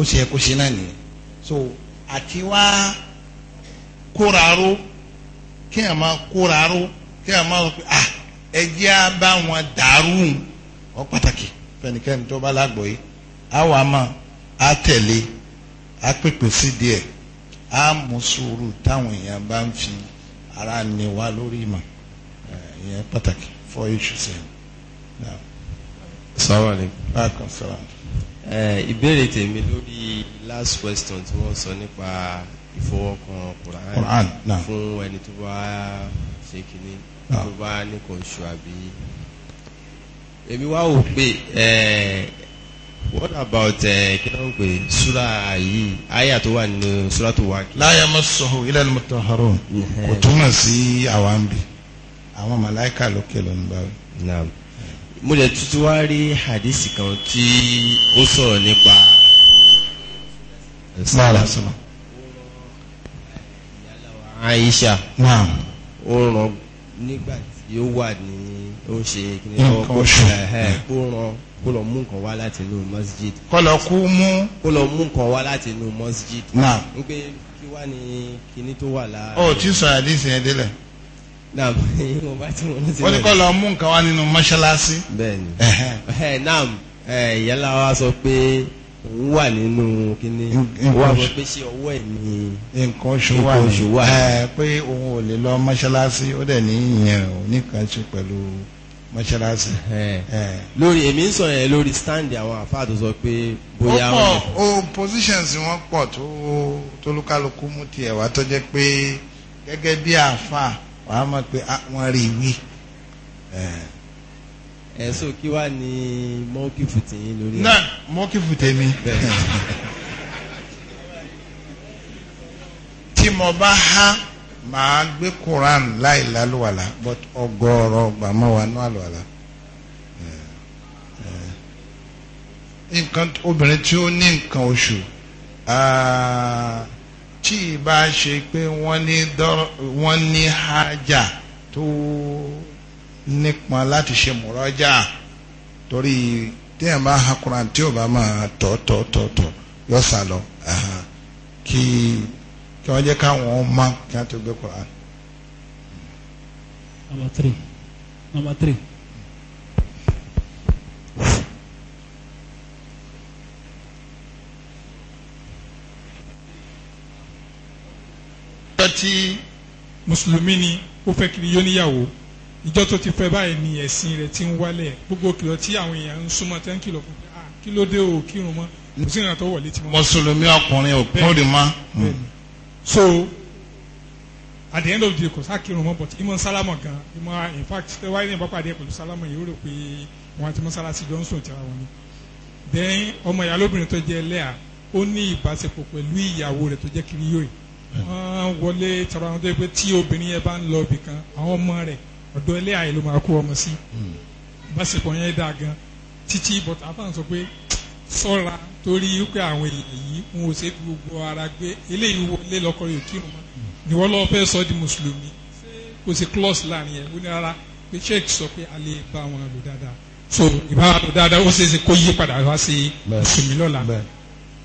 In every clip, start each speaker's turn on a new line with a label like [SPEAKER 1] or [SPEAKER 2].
[SPEAKER 1] o ṣe yẹ so atiwa wá kóra ró kí ah ọ pàtàkì fẹnikẹ́ni tó bá lágbọ̀ yìí á wà máa á tẹ̀lé á táwọn èèyàn bá ń
[SPEAKER 2] fi ara
[SPEAKER 1] ní wa lórí ìmọ̀ eh, ìyẹn pàtàkì fọ́ ìṣù sẹ́yìn.
[SPEAKER 2] Assalamu ìbéèrè tèmi lórí last question tí wọ́n sọ nípa ìfọwọ́kan Quran fún ẹni tó bá ṣe kìíní ah. tó bá nìkan oṣù àbí èmi wá wò pé what about kí ló ń pè súra yìí àyà tó wà nínú súra tó wà kí. la yamassuhu illa al-mutahharun kò túmọ̀
[SPEAKER 1] sí àwọn àmì àwọn màláìka lókè lónìí báyìí
[SPEAKER 2] mo lè tutù wá rí hadisi kan tí ó sọ̀rọ̀ nípa sàlásùlá Aisha ó ràn nígbà tí ó wà ní ó ń ṣe kí ni lọ́wọ́ kó ràn kó lọ mú nǹkan wá láti inú masjid. kó lọ kú mú. kó lọ mú nǹkan wá láti inú masjid. n pé kí wá ní kinní tó wà lára. ó tí sọ
[SPEAKER 1] hadisi yẹn délẹ̀ naam ẹyin mo bá tí mo ní sílẹ̀. wọ́n ní kọ́ lọ
[SPEAKER 2] mú nǹkan wá nínú mọ́ṣáláṣí. bẹ́ẹ̀ni naam ìyálà wa sọ pé òun wà nínú kíní wà sọ pé ṣé ọwọ́ ẹ̀ ni nǹkan oṣù wà ní pé òun ò lè lọ mọ́ṣáláṣí ó dẹ̀ ní ìyẹn ò ní pẹ̀lú mọ́ṣáláṣí. lórí èmi ń sọ yẹn lórí stand àwọn àfáà tó sọ pé bóyá wọn. ó pọ̀
[SPEAKER 1] o positions wọn pọ̀ tó tólúkálukú mú
[SPEAKER 2] tiẹ̀ wá tó jẹ́ pé gẹ́gẹ́ bí àfáà wàá mọ̀ pé ah, wọ́n rí wí. ẹ so kí wàá ní mọ́kìfù tèmi lórí. náà mọ́kìfù tèmi.
[SPEAKER 1] tí mo bá há màá gbé Quran láì lálùwàlà but ọgọ́rọ̀ gbàmọ́ wa ní àlùwàlà. nǹkan obìnrin tí ó ní nǹkan oṣù. Uh, tí ìbá ṣe pé wọ́n ní hájà tó nípọn láti ṣe mùrọ́jà torí téèyàn bá ha Quran tí ò bá máa tọ̀ tọ̀ tọ̀ tọ̀ yọ sá lọ kí kí wọ́n jẹ́ káwọn mọ kí wọ́n tó gbé
[SPEAKER 3] Quran. number three number three.
[SPEAKER 4] tí mùsùlùmí ni ó fẹ́ kiri yóò níyàwó ìjọ tó ti fẹ́ báyìí ni ẹ̀sìn rẹ̀ ti ń wálẹ̀ gbogbo kìlọ̀ tí àwọn èèyàn ń súnmọ́ tẹ́ ń kìlọ̀ fún ah kí ló dé o kírun mọ́ kò sí ìrìnà tó wọ̀ létí mọ́.
[SPEAKER 1] mùsùlùmí ọkùnrin ò kúrò mọ́.
[SPEAKER 4] so at the end of the day kò sá kírun mọ́ but ìmọ̀ sálámọ̀ gan ìmọ̀ in fact ṣé wáyé ní ìbápàdé pẹ̀lú sálámọ̀ yìí ó rò pé wọn àti mọ́sálásí jọ ń sùn tìra wọn ni then ọmọ ìyá lóbìnrin tó jẹ́ ẹlẹ́à ó ní ìbáṣepọ̀ pẹ̀lú ìyàwó rẹ̀ tó jẹ́ kiri yóò yìí wọ́n wọlé tọrọ àwọn tó yẹ pé tí obìnrin yẹn bá ń lọ ibì kan àwọn ọmọ rẹ̀ ọ̀dọ́ ilé ayé ló máa kó ọmọ sí hmm. ìbáṣepọ̀ yẹn dáa gan títí bọ̀tà àfàǹ sọ pé sọ́ra torí wípé àwọn èèyàn yìí wọn ò ṣe fi gbogbo ara gbé eléyìí wọlé lọ́kọ yóò kírun mọ́ ni wọ́n lọ́ọ́ fẹ́ sọ di mùsùlùmí kò sí close láàrin yẹn ó ní rárá pé sheik sọ pé a lè bá wọn lò dáadáa so ìbára lò dáadáa ó ṣeé ṣe kó yí padà wá sí mùsùlùmí lọ́la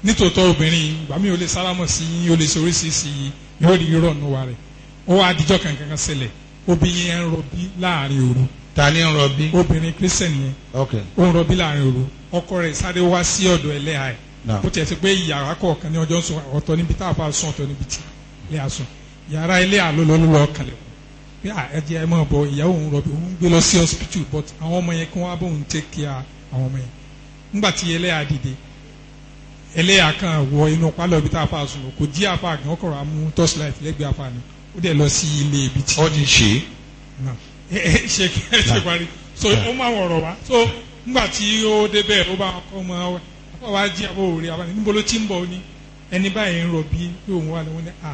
[SPEAKER 4] nítòótọ́ obìnrin gbàmí ò lè sálámọ̀ sí yín ò lè ṣe oríṣiríṣi yóò rí irọ́ nù wa rẹ̀ ó wá àdìjọ́ kankan kan ṣẹlẹ̀ obìnrin yẹn ń rọbí láàrin òru. ta ni ń rọbí. obìnrin christian yẹn. ok ó ń rọbí láàrin òru ọkọ rẹ̀ sáré wá sí ọ̀dọ̀ ẹlẹ́hà ẹ̀ bó tiẹ̀ ti pé yàrá kọ̀ọ̀kan ní ọjọ́ sùn ọ̀tọ̀ níbi tá a fa sùn ọ̀tọ̀ níbi tí ilé a sùn yàrá ilé a lọ́lọ́ lọ́lọ́ kalẹ̀ pé ẹ̀jẹ̀ ẹ̀ máa bọ̀ ìyàwó òun rọbí òun gbé lọ sí hospital but àwọn ọmọ yẹn kí wọ́n á bọ̀ òun take care àwọn ọmọ yẹn nígbà tí ẹlẹ́hà dìde ẹlẹ́yà kan wọ inú pálọ̀ ibi tá a fa sùn kò jí afa gan ọkọ̀ rà torchlight lẹ́gbẹ̀ẹ́ afa ni ó dẹ̀ lọ sí ilé ibi tí. ó ti ṣe. ṣe ṣe parí so ó máa wọ̀rọ̀ wá so nígbà tí ó débẹ̀ ó bá kọ́ ọmọ wa àpá wa jí àbọ̀ òòrè àbá níbo ló ti ń bọ̀ ni ẹni báyìí ń rọ̀bí pé òun wà lóun ní à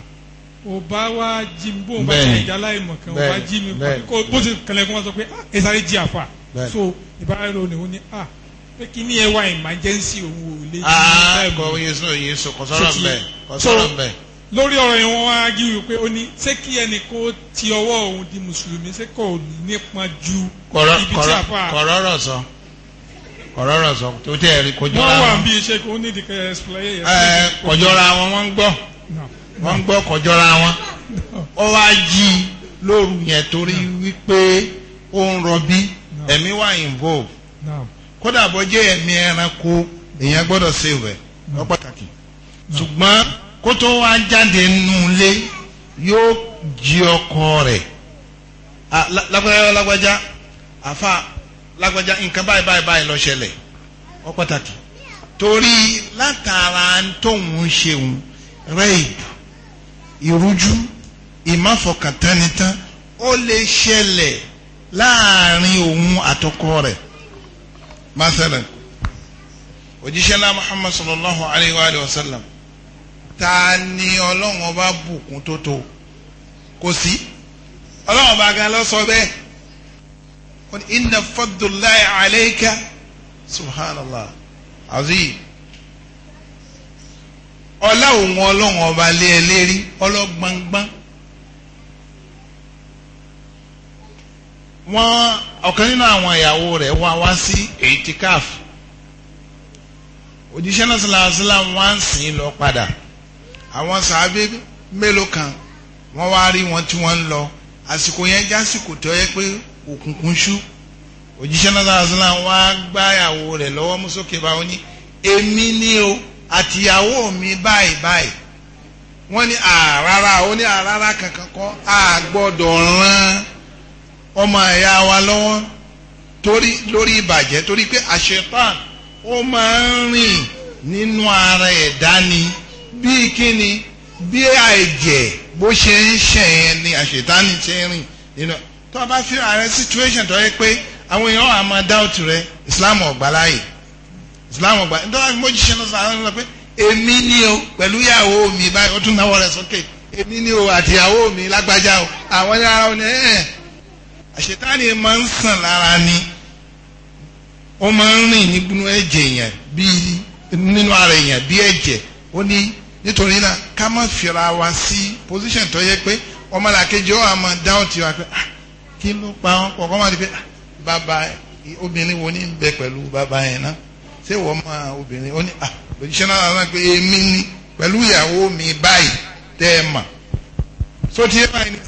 [SPEAKER 4] ò bá wá jí mi bóun bá ṣe ìjà láìmọ̀ kan ò bá jí mi bó ti kẹlẹ́kùn wá sọ pé ẹ sáré jí àfa so ìbára ẹ̀ lóun ní à pé kí ni ẹ wá emergency òun ò lè ní báyìí. kò yín sùn
[SPEAKER 1] yín sùn kò sọ̀rọ̀ mbẹ́ kò sọ̀rọ̀ mbẹ́.
[SPEAKER 4] lórí ọ̀rọ̀ yẹn wọ́n á gí wípé ó ní ṣé kí ẹnì kó ti ọwọ́ òun di mùsùlùmí ṣé kò ní nípa ju ibi tí a fà.
[SPEAKER 1] kọ̀rọ̀rọ̀ sọ kọ̀rọ̀rọ̀ sọ tó tẹ̀ ẹ̀rí kọjọ́ra wọn. wọ́n wà
[SPEAKER 4] bí iṣẹ́ kó ní ìdíkẹ́ ẹ̀sìpìlẹ̀. ẹ
[SPEAKER 3] kọjọ́ra wọn
[SPEAKER 1] wọ́n ń gbọ́ wọ́n ń gbọ́ wọn. ó wá jí lóru yẹn torí wípé ó ń rọbí ẹ̀mí wà involve kódà bọ́ jẹ́ ẹ̀mí ẹranko èèyàn gbọ́dọ̀ save ẹ̀ ọ pàtàkì mm. ṣùgbọ́n kó tó wá jáde nù lé yóò jí ọkọ rẹ̀ lágbájá lágbájá àfa lágbájá nǹkan báyìí báyìí báyìí lọ ṣẹlẹ̀ ọ pàtàkì torí látara tóun ń ṣeun rẹ́ẹ̀d ìrújú ìmáfọkàntánitán ó lè ṣẹlẹ̀ láàrin òun àtọkọ rẹ̀ masalan òjíṣẹ́ ńlá muhammad sallallahu alayhi wa alihi wa sallam ta ni ọlọ́run ọba bùkún tó tó kò sí ọlọ́run ọba gan ló sọ bẹ́ẹ̀ inna fadulayi alayka subhanallah azim ọlá òun ọlọ́run ọba lé ẹ lérí ọlọ́gbọ̀ngbọ̀n. wọ́n ọ̀kan nínú àwọn ìyàwó rẹ̀ wá wá sí eitikaf òjíṣẹ́ náà sàlàsílà wọ́n á sìn lọ padà àwọn sàábé mélòó kan wọ́n wá rí wọn tí wọ́n ń lọ àsìkò yẹn jásìkò tó yẹ pé òkùnkùn ṣú òjíṣẹ́ náà sàlàsílà wọ́n á gbá ìyàwó rẹ̀ lọ́wọ́ mú bá wọn ní èmi ni o àtìyàwó mi báyìí báyìí wọ́n ní àrárá ó ní àrárá kankan kọ́ àgbọ́dọ̀ rán ọmọ ẹ̀yà wa lọ́wọ́ torí lórí ìbàjẹ́ torí pé àṣetán ó máa ń rìn nínú ara ẹ̀dá ni bíi kíni bí àìjẹ́ bó ṣe ń ṣẹ̀yẹn ni àṣetán ṣe ń rìn nínú tó o bá fi ààrẹ situation tó yẹ pé àwọn èèyàn á máa doubt rẹ Islam ọ̀gbà láàyè Islam ọ̀gbà nítorí àwọn mojíṣẹ́ náà sọ àwọn pé èmi ni o pẹ̀lú ìyàwó mi báyìí ó tún náwó rẹ̀ sókè èmi ni o àtìyàwó mi lágbájá o àwọn ẹ̀rọ ni ẹ̀ẹ́ àṣetáni máa ń sàn lára ni ó máa ń rìn nínú ẹ̀jẹ̀ èèyàn bíi nínú ara èèyàn bíi ẹ̀jẹ̀ ó ní nítorí náà ká má fira wa sí position tó yẹ pé ọmọlàkejì ó àmọ́ dáhùn tí wàá pé ah, kí ló pa wọn pọ̀ kọ́ máa di pé ah, bàbá obìnrin wo ní bẹ pẹ̀lú bàbá yẹn náà ṣé wọ́n mọ obìnrin ó ní ah, òjíṣẹ́ náà náà pé èmi ni pẹ̀lú ìyàwó mi báyìí tẹ́ ẹ mà sótìyẹ́ báyìí ni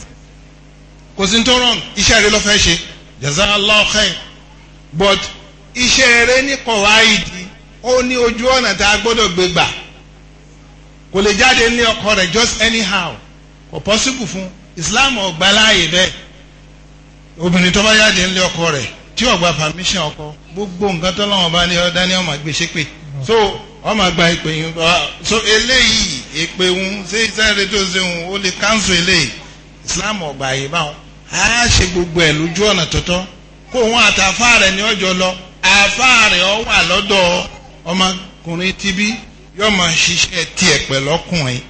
[SPEAKER 1] kò sí tó wrong iṣẹ́ rẹ ló fẹ́ ṣe jazakallah khair but iṣẹ́ rẹ ní kọ̀wáìdì ó ní ojú ọ̀nà tá a gbọ́dọ̀ gbé gbà kò lè jáde ní ọkọ rẹ̀ just anyhow kò possible fún Islam ò gbà láàyè bẹ́ẹ̀ obìnrin tó bá jáde ní ọkọ rẹ̀ tí ò permission ọkọ gbogbo nǹkan tó lọ́wọ́ bá ní ọ̀dá ni ọmọ gbèsè pé so ọmọ gba ìpè yín so eléyìí ìpè ń ṣe iṣẹ́ rẹ tó ṣe ń ó lè cancel eléyìí Islam ò gbà yìí báwọn á ṣe gbogbo ẹ̀ lójú ọ̀nà tọ́tọ́ kó òun àtàfà rẹ̀ ní ọjọ́ lọ àfà rẹ̀ ọ wà lọ́dọ̀ ọmọkùnrin tibí yóò máa ṣiṣẹ́ tiẹ̀ pẹ̀lú ọkùnrin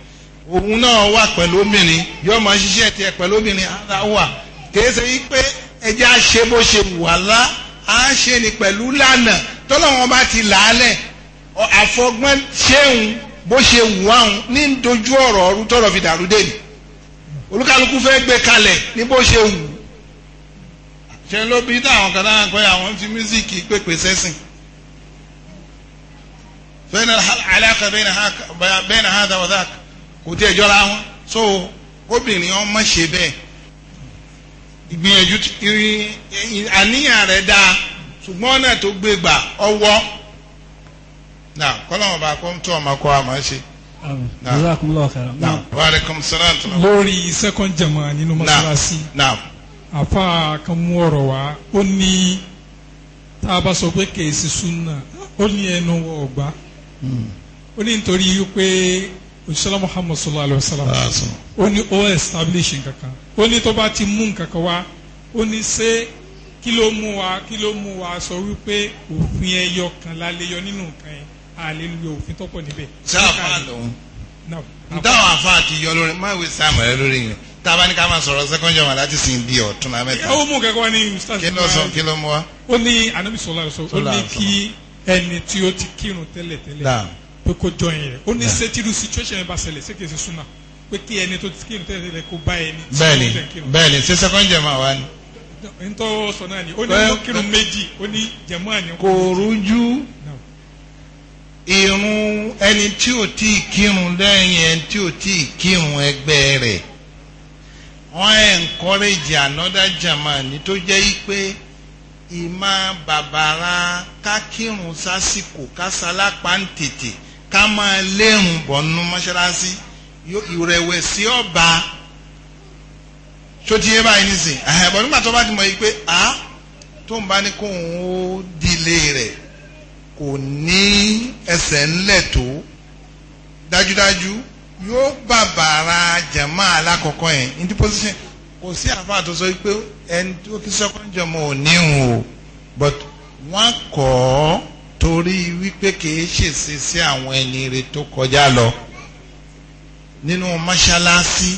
[SPEAKER 1] òun náà wà pẹ̀lú obìnrin yóò máa ṣiṣẹ́ tiẹ̀ pẹ̀lú obìnrin ara wà kìí ṣe pé ẹja ṣe bó ṣe wà lá á ṣe ni pẹ̀lú lánàá tọ́lọ́wọ́n bá ti làálẹ̀ àfọgbọ́n ṣéun bó ṣe wù áhùn ní dojú ọ̀rọ̀ ọ̀rú tọ́rọ̀ fi dàrú dé ni olúkálukú fẹ́ gbé kalẹ̀ ní bó ṣe wù ṣe ló bí táwọn kan náà pé àwọn fi mísíkì pèpè sẹ́sìn bẹ́ẹ̀ni aláka bẹ́ẹ̀ni hàdà wàdà kò tí ẹ jọra wọn so obìnrin ọmọ ṣe bẹ́ẹ̀ ìgbìyànjú àníyàn rẹ̀ dáa ṣùgbọ́n náà tó gbé gbà ọwọ́ náà kọ́lọ́mọba kó ń ọmọ kọ́ àmọ́ ṣe lórí
[SPEAKER 4] second jama nínú masalasi àfa kan mú ọ̀rọ̀ wá ó ní tá a bá sọ pé kèésì súnà ó ní ẹnu ọgbà hmm. ó ní nítorí wípé òṣìṣẹ́lá muhammad sallallahu alayhi wa sallam ah, ó ní ó establish nǹkankan ó ní tó bá ti mú nǹkankan wá ó ní ṣé kí ló mú wa kí ló mú wa sọ wípé òfin ẹyọ kan la lè yọ nínú nǹkan yẹn àlè lu òfin tó pọ̀ níbẹ̀. ṣé àfa lòun ntáwọn afa ti yọ lórí má wí sáà mọ̀lẹ́ lórí yẹn tába ní ká máa
[SPEAKER 1] sọ̀rọ̀ second john aláti sìn di ọ̀tún náà mẹ́ta.
[SPEAKER 4] ó mú kẹ́kọ̀ọ́ ní ustaz.
[SPEAKER 1] kí ló sọ kí ló mú wa.
[SPEAKER 4] ó ní anabi sọlá sọ ó ní kí ẹni tí ó ti kírun tẹ́lẹ̀ tẹ́lẹ̀ pé kó jọ yẹn ó ní sẹ́tìrú situation yẹn bá ṣẹlẹ̀ ṣé kìí ṣe súnà pé kí ẹni tó ti kírun tẹ́lẹ̀ tẹ́lẹ̀ kó bá ẹni. bẹ́ẹ̀ni bẹ́ẹ̀ni ṣé
[SPEAKER 1] second john máa ni.
[SPEAKER 4] ntọ́ sọ náà ni ó ní kírun méjì ó ní jẹ̀mọ́ àná. kò
[SPEAKER 1] rújú irun ẹni tí ò tí ì kírun lẹ́yìn ẹni tí ò tí ì kírun ẹgbẹ́ rẹ̀ wọ́n encourage another German tó jẹ́ pé ìmọ̀ bàbàrà ká kírun sásìkò ká sálápá ń tètè ká máa lérun bọ̀nú mọ́ṣáláṣí ìrẹ̀wẹ̀sì ọba tó ti yé báyìí nísìn àhẹ̀bọ̀ nígbà tó bá ti mọ̀ yìí pé a tó ń bá ní kóun ó dilé rẹ̀ kò ní ẹsẹ̀ ńlẹ̀ tó dájúdájú yóò bàbàrà jàmá alákọ̀ọ́kọ́ yẹn in the position kò sí àfa tó sọ pé ẹni tó kí sọ́kànjọ́ mọ́ ò ní hùn o but wọ́n kọ́ ọ́ torí wípé kìí ṣèṣe sí àwọn ẹni rẹ tó kọjá lọ nínú mọ́ṣáláṣí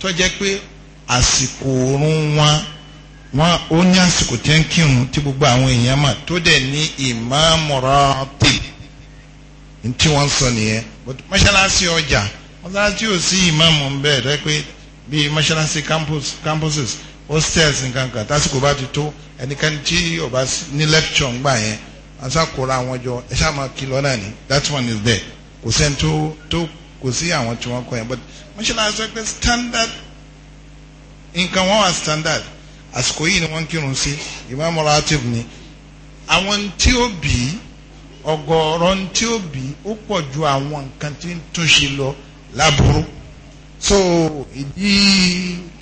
[SPEAKER 1] tó jẹ́ pé àsìkò oorun wọn wọn ó ní àsìkò tí ń kírun tí gbogbo àwọn èèyàn mà tó dẹ̀ ní ìmáàmù ráàtì tí wọ́n sọ nìyẹn mọ́ṣáláṣí ọjà mọ́ṣáláṣí ò sí ìmáàmù ń bẹ́ẹ̀ rẹ́ pé bíi mọ́ṣáláṣí campuses hostels nǹkan kan tásìkò bá ti tó ẹnikẹ́ni tí ó bá ní lecture ń gbà yẹn asakora àwọn jọ ẹ ṣáà máa kí lọ́nà ni that one is there kò sẹ́ni tó tó kò sí àwọn tí wọ́n kọ yẹn but mọ́ṣáláṣí pé standard nǹkan wọn wà standard àsìkò yìí ni wọ́n ń kírun sí ìmáàmù ratib ni àwọn tí ó bì í ọ̀gọ̀ọ̀rọ̀ tí ó pọ̀ ju àwọn nǹkan tí ń túnṣe lọ láburú so ìdí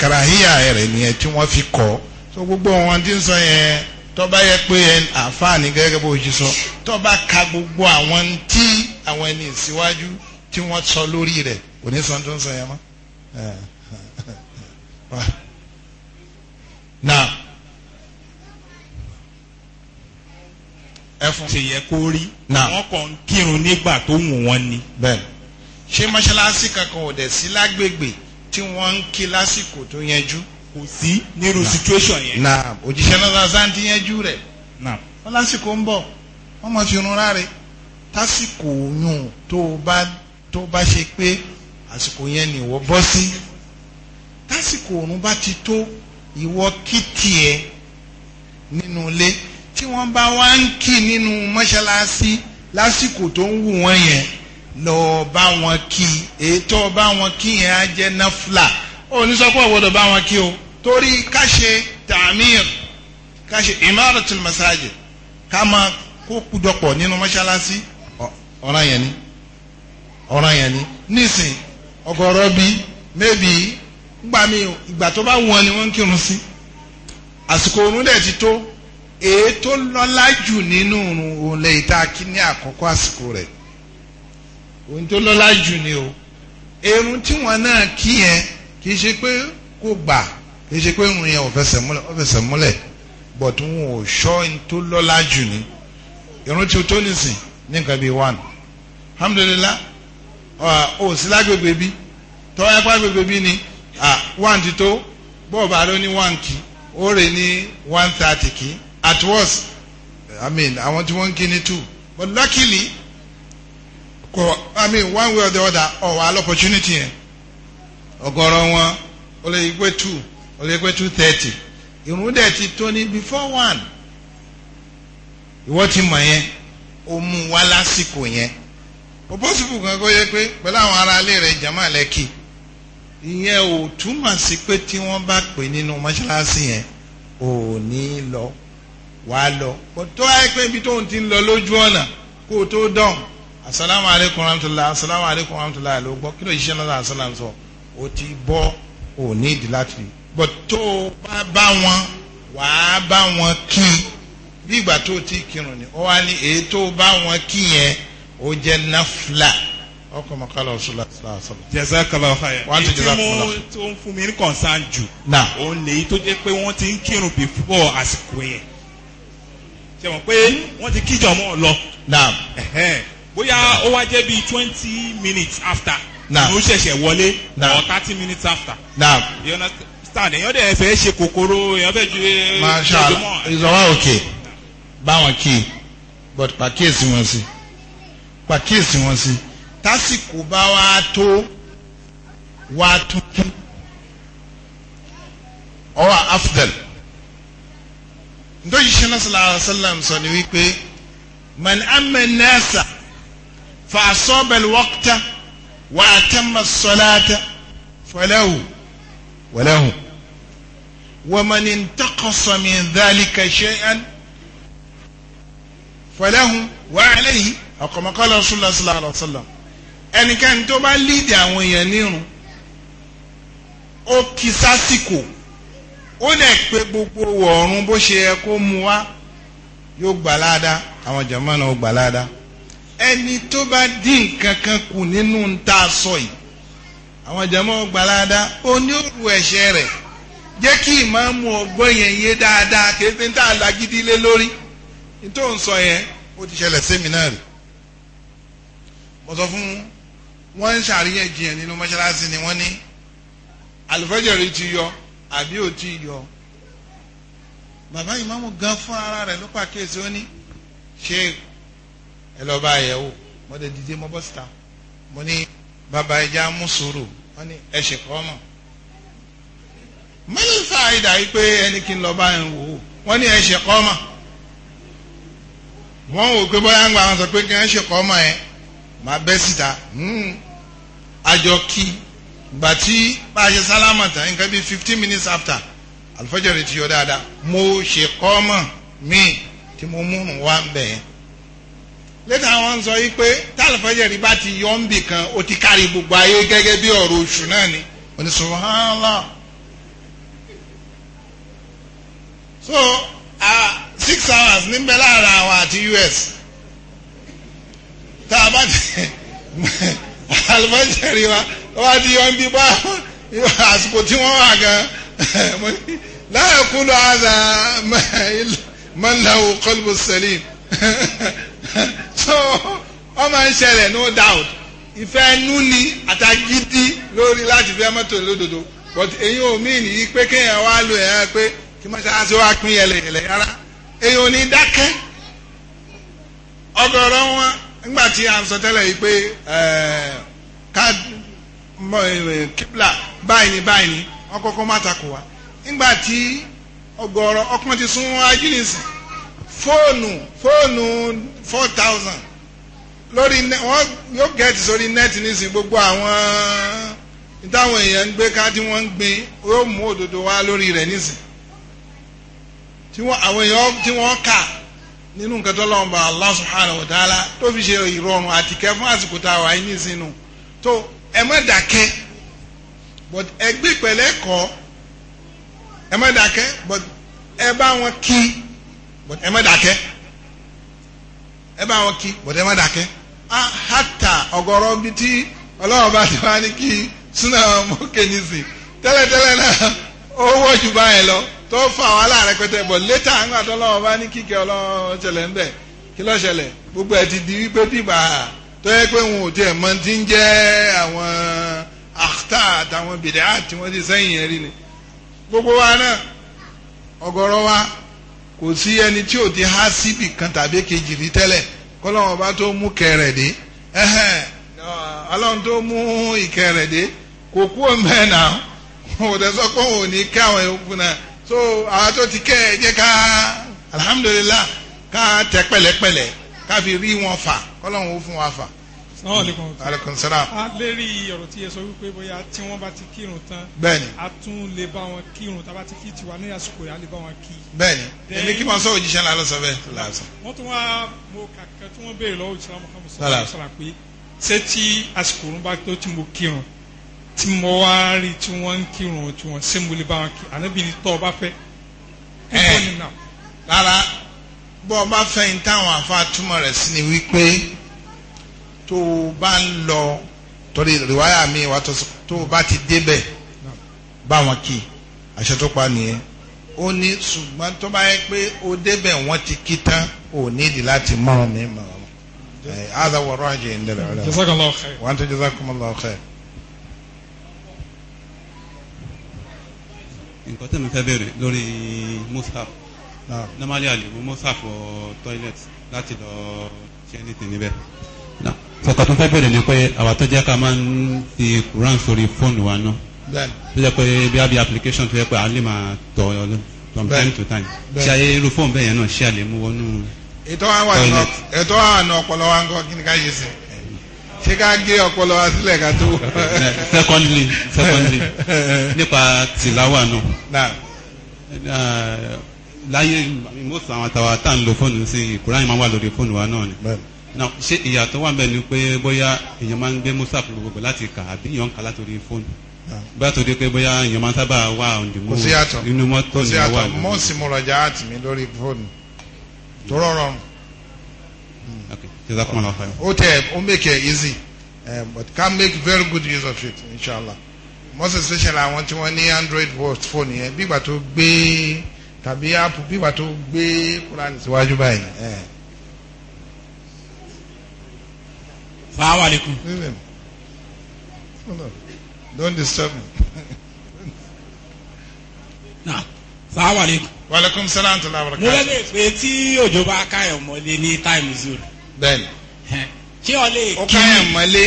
[SPEAKER 1] karahiya rẹ̀ nìyẹn tí wọ́n fi kọ́ so gbogbo wọn tí ń sọ yẹn tọ́ba yẹ pé àǹfààní gẹ́gẹ́ bó ṣe sọ tọ́ba ka gbogbo àwọn tí àwọn ẹni ìsíwájú tí wọ́n sọ lórí rẹ̀ kò sọ tó ń sọ yẹn mọ́ náà ẹfun ṣe yẹ kó rí wọn kàn ń kírun nígbà tó wù wọn ni. bẹ́ẹ̀ ṣé mọ́ṣáláṣí kankan ò dẹ̀ sí lágbègbè tí wọ́n ń kí lásìkò tó yẹjú kò sí nírú situation yẹn. na òjíṣẹ́ náà sáńtì yẹjú rẹ̀ wọ́n lásìkò ń bọ̀ wọ́n mọ̀ fi run ráre tásìkò yùn tó bá tó bá ṣe pé àsìkò yẹn nìwọ bọ́ sí tásìkò òrùn bá ti tó ìwọ kí tiẹ̀ nínú ilé tí wọ́n bá wá ń kí nínú mọ́ṣáláṣí lásìkò tó ń wù wọ́n yẹn lọ bá wọn kí ètò bá wọn kí yẹn á jẹ́ náfìlà ó ní sọ pé ọ̀wọ́dọ̀ bá wọn kí o torí ká tamir ká imara imaratul masajid ká máa kó kújọpọ̀ nínú mọ́ṣáláṣí ọ̀ràn yẹn ni ọ̀ràn yẹn ni nísìn ọgọ́rọ́ bíi maybe gbà mí o ìgbà tó bá wọn ni wọ́n ń kírun sí àsìkò oorun dẹ̀ ti tó èyí tó lọ́lá jù nínú oorun òun lẹ́yìn tá a kí ní àkọ́kọ́ àsìkò rẹ̀ òun tó lọ́lá jù ni o irun tí wọn náà kí yẹn kì í ṣe pé kò gbà kì í ṣe pé irun yẹn ò fẹsẹ̀ múlẹ̀ ò fẹsẹ̀ múlẹ̀ but wọn ò ṣọ́ ohun tó lọ́lá jù ni irun tí o tó nìsín ní nǹkan bíi one alhamdulilah ọ̀ ò sí lágbègbè bí tọ́wọ́ ẹ̀kọ́ àgbègbè bí ni one ti tó bọ́ọ̀bà ló ní one kì ó rè ní one thirty kì at worst i mean àwọn tí wọ́n ń kí ní two but luckily kò i mean one way or the other ọ̀wà oh, l'opportunity yẹn ọ̀gọ̀rọ̀ wọn ó lè yí two ó lè yí two thirty ìrun dẹ̀ ti tó ní before one ìwọ ti mọ̀ yẹn ó mú wá lásìkò yẹn ó bọ́sibù kan kó yẹ pé pẹ̀lú àwọn ará ilé rẹ̀ jàmáà lẹ́kì ìyẹn ò túmọ̀ sí pé tí wọ́n bá pè nínú mọ́ṣáláṣí yẹn ò ní lọ wà á lọ bó tó ayé pé ibi tóun ti ń lọ lójú ọ̀nà kó o tó dán asalaamu aleykum rahmatulah asalaamu aleykum rahmatulah ló gbọ́ kí ló ṣiṣẹ́ náà asalaam sọ o ti bọ́ ò ní ìdí láti bó tó o bá bá wọn wà á bá wọn kí bí ìgbà tó o ti kírun ni ó wá ní èyí tó o bá wọn kí yẹn ó jẹ́ náfìlà ọkọ mọ kálọ ọsùlá sọlọ.
[SPEAKER 3] jazakallahu khairan.
[SPEAKER 1] wàá ti jazakallahu khairan.
[SPEAKER 4] èyí tí mo ń fún mi ní concern jù. na òun lèyí tó jẹ́ pé wọ́n ti ń kírun before àsìkò yẹn. ṣe mọ̀ pé wọ́n ti kíjọ mọ́ ọ lọ. na bóyá ó wá jẹ́ bíi twenty minutes after. na ló ṣẹ̀ṣẹ̀ wọlé. na or thirty minutes after. na you understand
[SPEAKER 3] èèyàn dẹ̀ fẹ́ ṣe kòkòrò èèyàn fẹ́ ju. Eh, masha
[SPEAKER 1] allah ìzọwọ́ òkè báwọn kì í but pàkíyèsí wọn sí pàkíyèsí wọn sí tásìkò bá wá tó wá tuntun ọwọ́ afdal ntọ́jú sinna sallallahu alayhi wa sallam sọ ni wípé man ama nasa fa asọ́bẹ̀lì wọ́kítà wà á tẹ́mà sọ́láta fọlẹ́hù wọlẹ́hù wàmánì ntakọ̀sọ̀mì dàlíkà ṣẹ́yàn fọlẹ́hù wà á alayhi wa sallam ẹnikẹ́ni tó bá lídìí àwọn èèyàn nírun ó kí sásìkò ó dẹ̀ pé gbogbo wọ̀ọ̀run bó ṣe yẹ kó mu wá yóò gbà láadáa àwọn jàmáà náà ó gbà láadáa ẹni tó bá dín nǹkan kan kù nínú ń tá a sọ yìí àwọn jàmáà ó gbà láadáa ó ní òru ẹ̀ṣẹ̀ rẹ̀ jẹ́ kí ìmáàmù ọgbọ́n yẹn yé dáadáa kéde ń tà lágídí lé lórí ní tó ń sọ yẹn ó ti ṣẹlẹ̀ sẹ́mínárì mo sọ fún wọ́n ń ṣàríyànjiyàn nínú mọ́ṣáláṣí ni wọ́n ní àlùfẹ́jọ̀rí ti yọ àbí ò ti yọ bàbá ìmáàmù gan fún ara rẹ̀ ló pàkíyèsí ó ní ṣé ẹ lọ́ọ́ bá yẹ̀ wò mo lè dìde mo bọ́ síta mo ní bàbá ẹja mú sùúrù wọ́n ní ẹ ṣe kọ́ mọ̀ mílíọ̀nù àìdá yìí pé ẹni kí n lọ bá ń wò ó wọ́n ní ẹ ṣe kọ́ mọ̀ wọ́n wò pé bóyá ń gba àwọn sọ pé kí wọ́n ṣe kọ́ mọ̀ yẹn màá bẹ́ síta hmm. àjọ kí gbà tí bá a ṣe sálámà tán nǹkan bíi fifteen minutes after alifajari ti yọ dáadáa mo ṣe kọ́mọ̀ míì tí mo mú un wá bẹ̀ yẹn lẹ́tà àwọn sọ yìí pé tálífajari bá ti yọ ń bì kan ó ti kárí gbogbo ayé gẹ́gẹ́ bí ọ̀rọ̀ oṣù náà ni wọ́n ti subhanallah so uh, six hours níbẹ̀ láàrin àwọn àti US tá a bá tẹ alimọ́sẹ̀rì wa wá di wọn bí bá àsìkò tí wọ́n wà gan láyé kúlọ̀ àzà mọ́láwù kọ́lùbù sẹ́lìm so wọ́n máa ń ṣẹlẹ̀ no doubt ìfẹ́ nú ni àtàgídí lórí láti fẹ́ mọ́tò lódodo but èyí ò mí nìyí pé kéèyàn wá lò ẹ̀ pé kí mọ́ṣáláṣí wá pín yẹlẹyẹlẹ rárá èyí ò ní dákẹ́ ọgọ́rọ̀ wọn ńgbà tí a ń sọ tẹ́lẹ̀ yìí pé eh, ká eh, kíbla báyìí ni báyìí ni wọ́n kọ́kọ́ má takò wá ńgbà tí ọgọ́rọ̀ ọkùnrin ti sún ajínìsì fóònù fóònù four thousand lórí wọ́n yóò gẹ̀ẹ́tì sórí nẹ́ẹ̀tì nísìn gbogbo àwọn ìtàwọn èèyàn ń gbé ká tí wọ́n ń gbin yóò mú òdodo wá lórí rẹ̀ nísìn tí wọ́n àwọn èèyàn tí wọ́n kà nínú nǹkan tó lọ́wọ́ bá Allah subhanahu wa ta'ala tó fi ṣe ìrọ̀rùn àtìkẹ́ fún àsìkò tá a wà ní ìsinú tó ẹ má dákẹ́ but ẹ gbé pẹ̀lẹ́ kọ́ ẹ má dákẹ́ but ẹ bá wọn kí but ẹ má dákẹ́ ẹ bá wọn kí but ẹ má dákẹ́ hata ọ̀gọ̀rọ̀ bí tí ọlọ́wọ́ bá ti wá ní kí súnà mọ́kẹ́ nísìn tẹ́lẹ̀tẹ́lẹ̀ náà ó wọ́jú báyẹn lọ. tó fa wàhálà rẹpẹtẹ bọ̀ létà ńgbà tó lọ́wọ́ bá ní kíkẹ́ ọlọ́run ṣẹlẹ̀ ńbẹ̀ kí ló ṣẹlẹ̀ gbogbo ẹ̀ ti di wípé tó yẹ pé wọn ò tiẹ̀ mọ ti ń jẹ́ àwọn àkútà àtàwọn gbogbo wa náà wa kò sí ẹni tí ò ti há síbì kan tàbí kejì rí tẹ́lẹ̀ bá tó mú tó mú ìkẹrẹ̀ so àwọn tó ti kẹ́ ẹ jẹ́ ká alhamdulilah ká tẹ pẹ̀lẹ́pẹ̀lẹ́ ká fi rí wọn fà kọ́lọ́hún ó fún wa fà. aleykum mm, salaam.
[SPEAKER 4] a lè rí ọ̀rọ̀ tí ẹ sọ wípé bóyá tí wọ́n bá ti kírun tán. bẹ́ẹ̀ni. a tún lè bá wọn kírun tá a bá ti kí tiwa ní àsìkò yà á lè bá wọn kí. bẹ́ẹ̀ni èmi kí n máa sọ òjíṣẹ́ ńlá lọ́sọ̀ bẹ́ẹ̀ làásọ. wọ́n tún wá mo kàkẹ́ tí wọ́n béèrè lọ́wọ́ tí mo wá rí tí wọ́n ń kírun tí wọ́n ṣé mo lè bá wọn kí ànábì ní tọ́ ọ bá fẹ́ kíkọ́ ni nà. rárá bọ́ ọ bá fẹ́
[SPEAKER 1] ní táwọn àfáà túmọ̀ rẹ̀ sí ni wípé tó o bá ń lọ torí rìwáyà mi wà tó o bá ti débẹ̀ bá wọn kí àṣẹ tó pa nìyẹn ó ní ṣùgbọ́n tó bá yẹ pé ó débẹ̀ wọ́n ti kí tán ò nídìí láti mọ̀ ọ́n ní mọ̀ ọ́n. هذا هو الراجع عند العلماء جزاك الله خير وانت جزاكم الله خير
[SPEAKER 3] nǹkan tẹ̀mí fẹ́ bèrè lórí mushaf normally a lè mú mushaf wọ toilet láti lọ ṣe anything níbẹ̀ sọ̀kà tó fẹ́ bèrè ni pé àwa tó jẹ́ ká máa ń fi Quran sórí fóònù wa náà tó jẹ́ pé bí a bí application tó yẹ pé a lè máa tọ̀ ọ́ lọ from time to time ṣe ayé irú fóònù bẹ́ẹ̀ yẹn náà ṣe a lè mú wọnú. ètò àwọn
[SPEAKER 1] àna wa ń kọ kí ni ká yé sí i ṣé ká gé ọpọlọ wa
[SPEAKER 4] sílẹ̀ ká tó. secondly secondly nípa tìláwà
[SPEAKER 3] náà láyé most àwọn àtàwà tá à ń lo fóònù sí ìkúráyìn máa wà lórí fóònù wa náà ni now ṣé ìyàtọ̀ wà bẹ́ẹ̀ ni pé bóyá èèyàn máa ń gbé musa gbogbo láti kà àbí èèyàn ń kà látòrí fóònù bá a tó di pé bóyá èèyàn máa ń sábà wà òǹdìmọ́ inú mọ́tò ni wà. kò sí àtọ̀
[SPEAKER 1] mọ́ọ̀sì mo rọ̀jà àtìmí lórí fóònù tó rọrùn
[SPEAKER 3] jazakumala khairan. ó
[SPEAKER 1] tẹ ó make it easy uh, but can make very good use of it inshallah most especially I want wọ́n ní android phone yẹn bí to be, gbé tàbí app bí ìgbà tó gbé kúránì síwájú báyìí. Eh. Assalamu alaikum. don't disturb me. Nah. Assalamu alaikum. wa mo lè lè
[SPEAKER 2] pé tí òjò bá ká mọ́lé ní time zero bẹ́ẹ̀ni. kí ọ lè kí ọ káyà mọ́lé.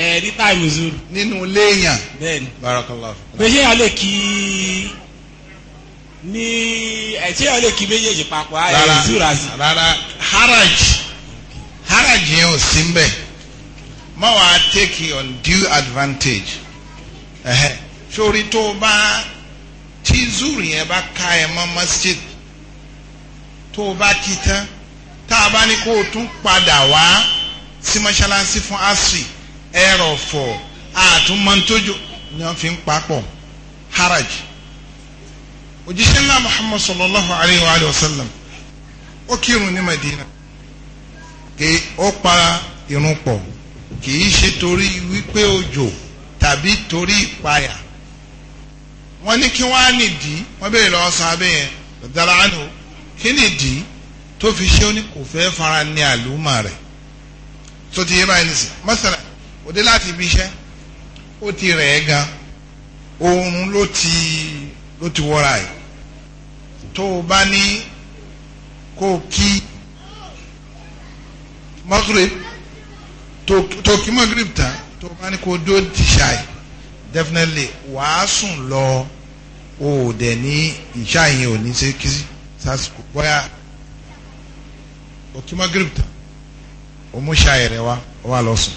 [SPEAKER 2] ẹ ní
[SPEAKER 1] táìmù zuru. nínú léèyàn. bẹ́ẹ̀ni. barakallahu. pé ṣé ọ lè kí ní ẹ ọ lè kí méjèèjì papọ̀ ayé zuru àti. rárá haraj haraj yẹn ò sí mbẹ má wàá take undue advantage sórí tó o bá tí zuru yẹn bá ká ẹ mọ́ masjid tó o bá kí tán tá a bá ní kó o tún padà wá sí mọ́ṣáláṣí fún asri ẹ̀rọ̀fọ̀ àtúmọ̀ntójò ni wọ́n fi ń papọ̀ haraj òjíṣẹ́ ńlá muhammad sallallahu alayhi wa sallam ó kírun ní madina kì ó para irun pọ̀ kì í ṣe torí wípé òjò tàbí torí ìpayà wọ́n ní kí wọ́n á nìdí wọ́n béèrè lọ́wọ́ sábẹ́ yẹn dára ànú kí nìdí tó fi ṣe ó ní kò fẹ́ fara ní àlùmọ̀ rẹ̀ tó ti yé báyìí nìsín mọ́sálà òde láti ibi iṣẹ́ ó ti rẹ̀ ẹ́ gan oorun ló ti ló ti wọra ẹ̀ tó o bá ní kó o kí magrib tó o kí magrib tán tó o bá ní kó o dó ti ṣàì definitely wàá sùn lọ o ò dẹ̀ ní ìṣàyẹn ò ní ṣe kí sásìkò bóyá ó kí magrib tán ó mú ṣáà rẹ̀ wá ó wà lọ sùn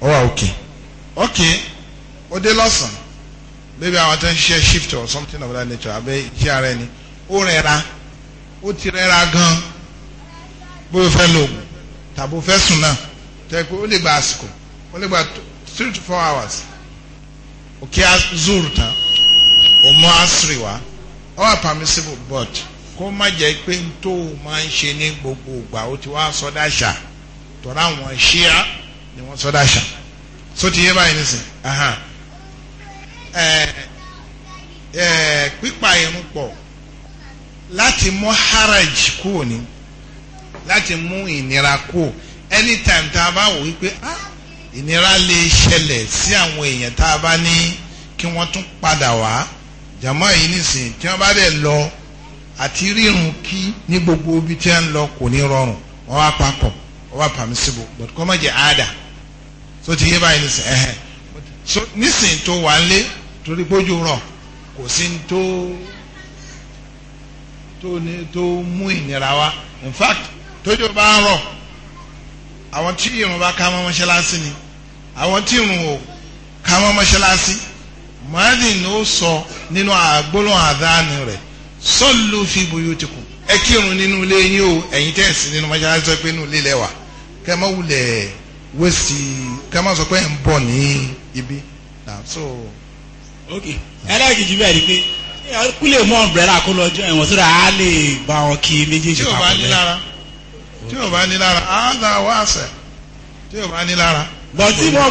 [SPEAKER 1] ó wà òkè òkè ó dé lọ́sàn bébí àwọn tó ń ṣe shift or something of that nature abẹ́ iṣẹ́ ara ẹni ó rẹra ó ti rẹra gan-an bó fẹ́ lo oògùn tàbó fẹ́ sùn náà tẹ́ pé ó lè gba àsìkò ó lè gba three to four hours òkè azur tán ó mú asiri wá ó permissible but kó má jẹ́ pé n tó máa ń ṣe ní gbogbo ìgbà ó ti wá sọ́dá ṣà tọ́ra ṣíà ni wọ́n sọ́dá ṣà só ti yé báyìí nísìn pípa irun pọ̀ láti mú haraj kúrò ní láti mú ìnira kúrò anytime tá a bá wò wípé ah, ìnira lè ṣẹlẹ̀ sí àwọn èèyàn tá a bá ní kí wọ́n tún padà wá jàmọ́ yìí nísìn tí wọ́n bá dẹ̀ lọ àti rírun kí ní gbogbo ibi tí wọ́n ń lọ kò ní rọrùn wọ́n wá papọ̀ wọ́n wá permissible but kọ́ mọ̀ jẹ́ àádà tó ti yé báyìí nísìn ẹ̀hẹ̀ so nísìn tó wà ń lé torí pójú rọ̀ kò sí ní tó tó ní tó mú ìnira wá in fact tójú bá ń rọ̀ àwọn tí irun bá ká mọ́ mọ́ṣáláṣí ni àwọn tí irun ò ká mọ́ mọ́ṣáláṣí mọ́ádìn ló sọ nínú àgbólóhàn àdáni rẹ̀ sallu fi buyutikum ẹ kírun nínú ilé yín o ẹ̀yin tẹ́ ẹ̀ sí nínú mọ́ṣáláṣí sọ pé nínú ilé lẹ́wà kẹ́ má wulẹ̀ wẹ́sì kẹ́ má
[SPEAKER 2] sọ pé ẹ̀ ń bọ̀ ní ibi. ok ẹlẹ́kìjì bẹ́ẹ̀ ni pé kú lè mú ọ̀mbrẹ́là kó lọ jọ ẹ̀wọ̀n sódà á lè bá wọn kí méjèèjì papọ̀ bẹ́ẹ̀.
[SPEAKER 1] tí o bá ní lára á dà wá àṣẹ tí o bá ní lára. bọ̀ tí wọ́n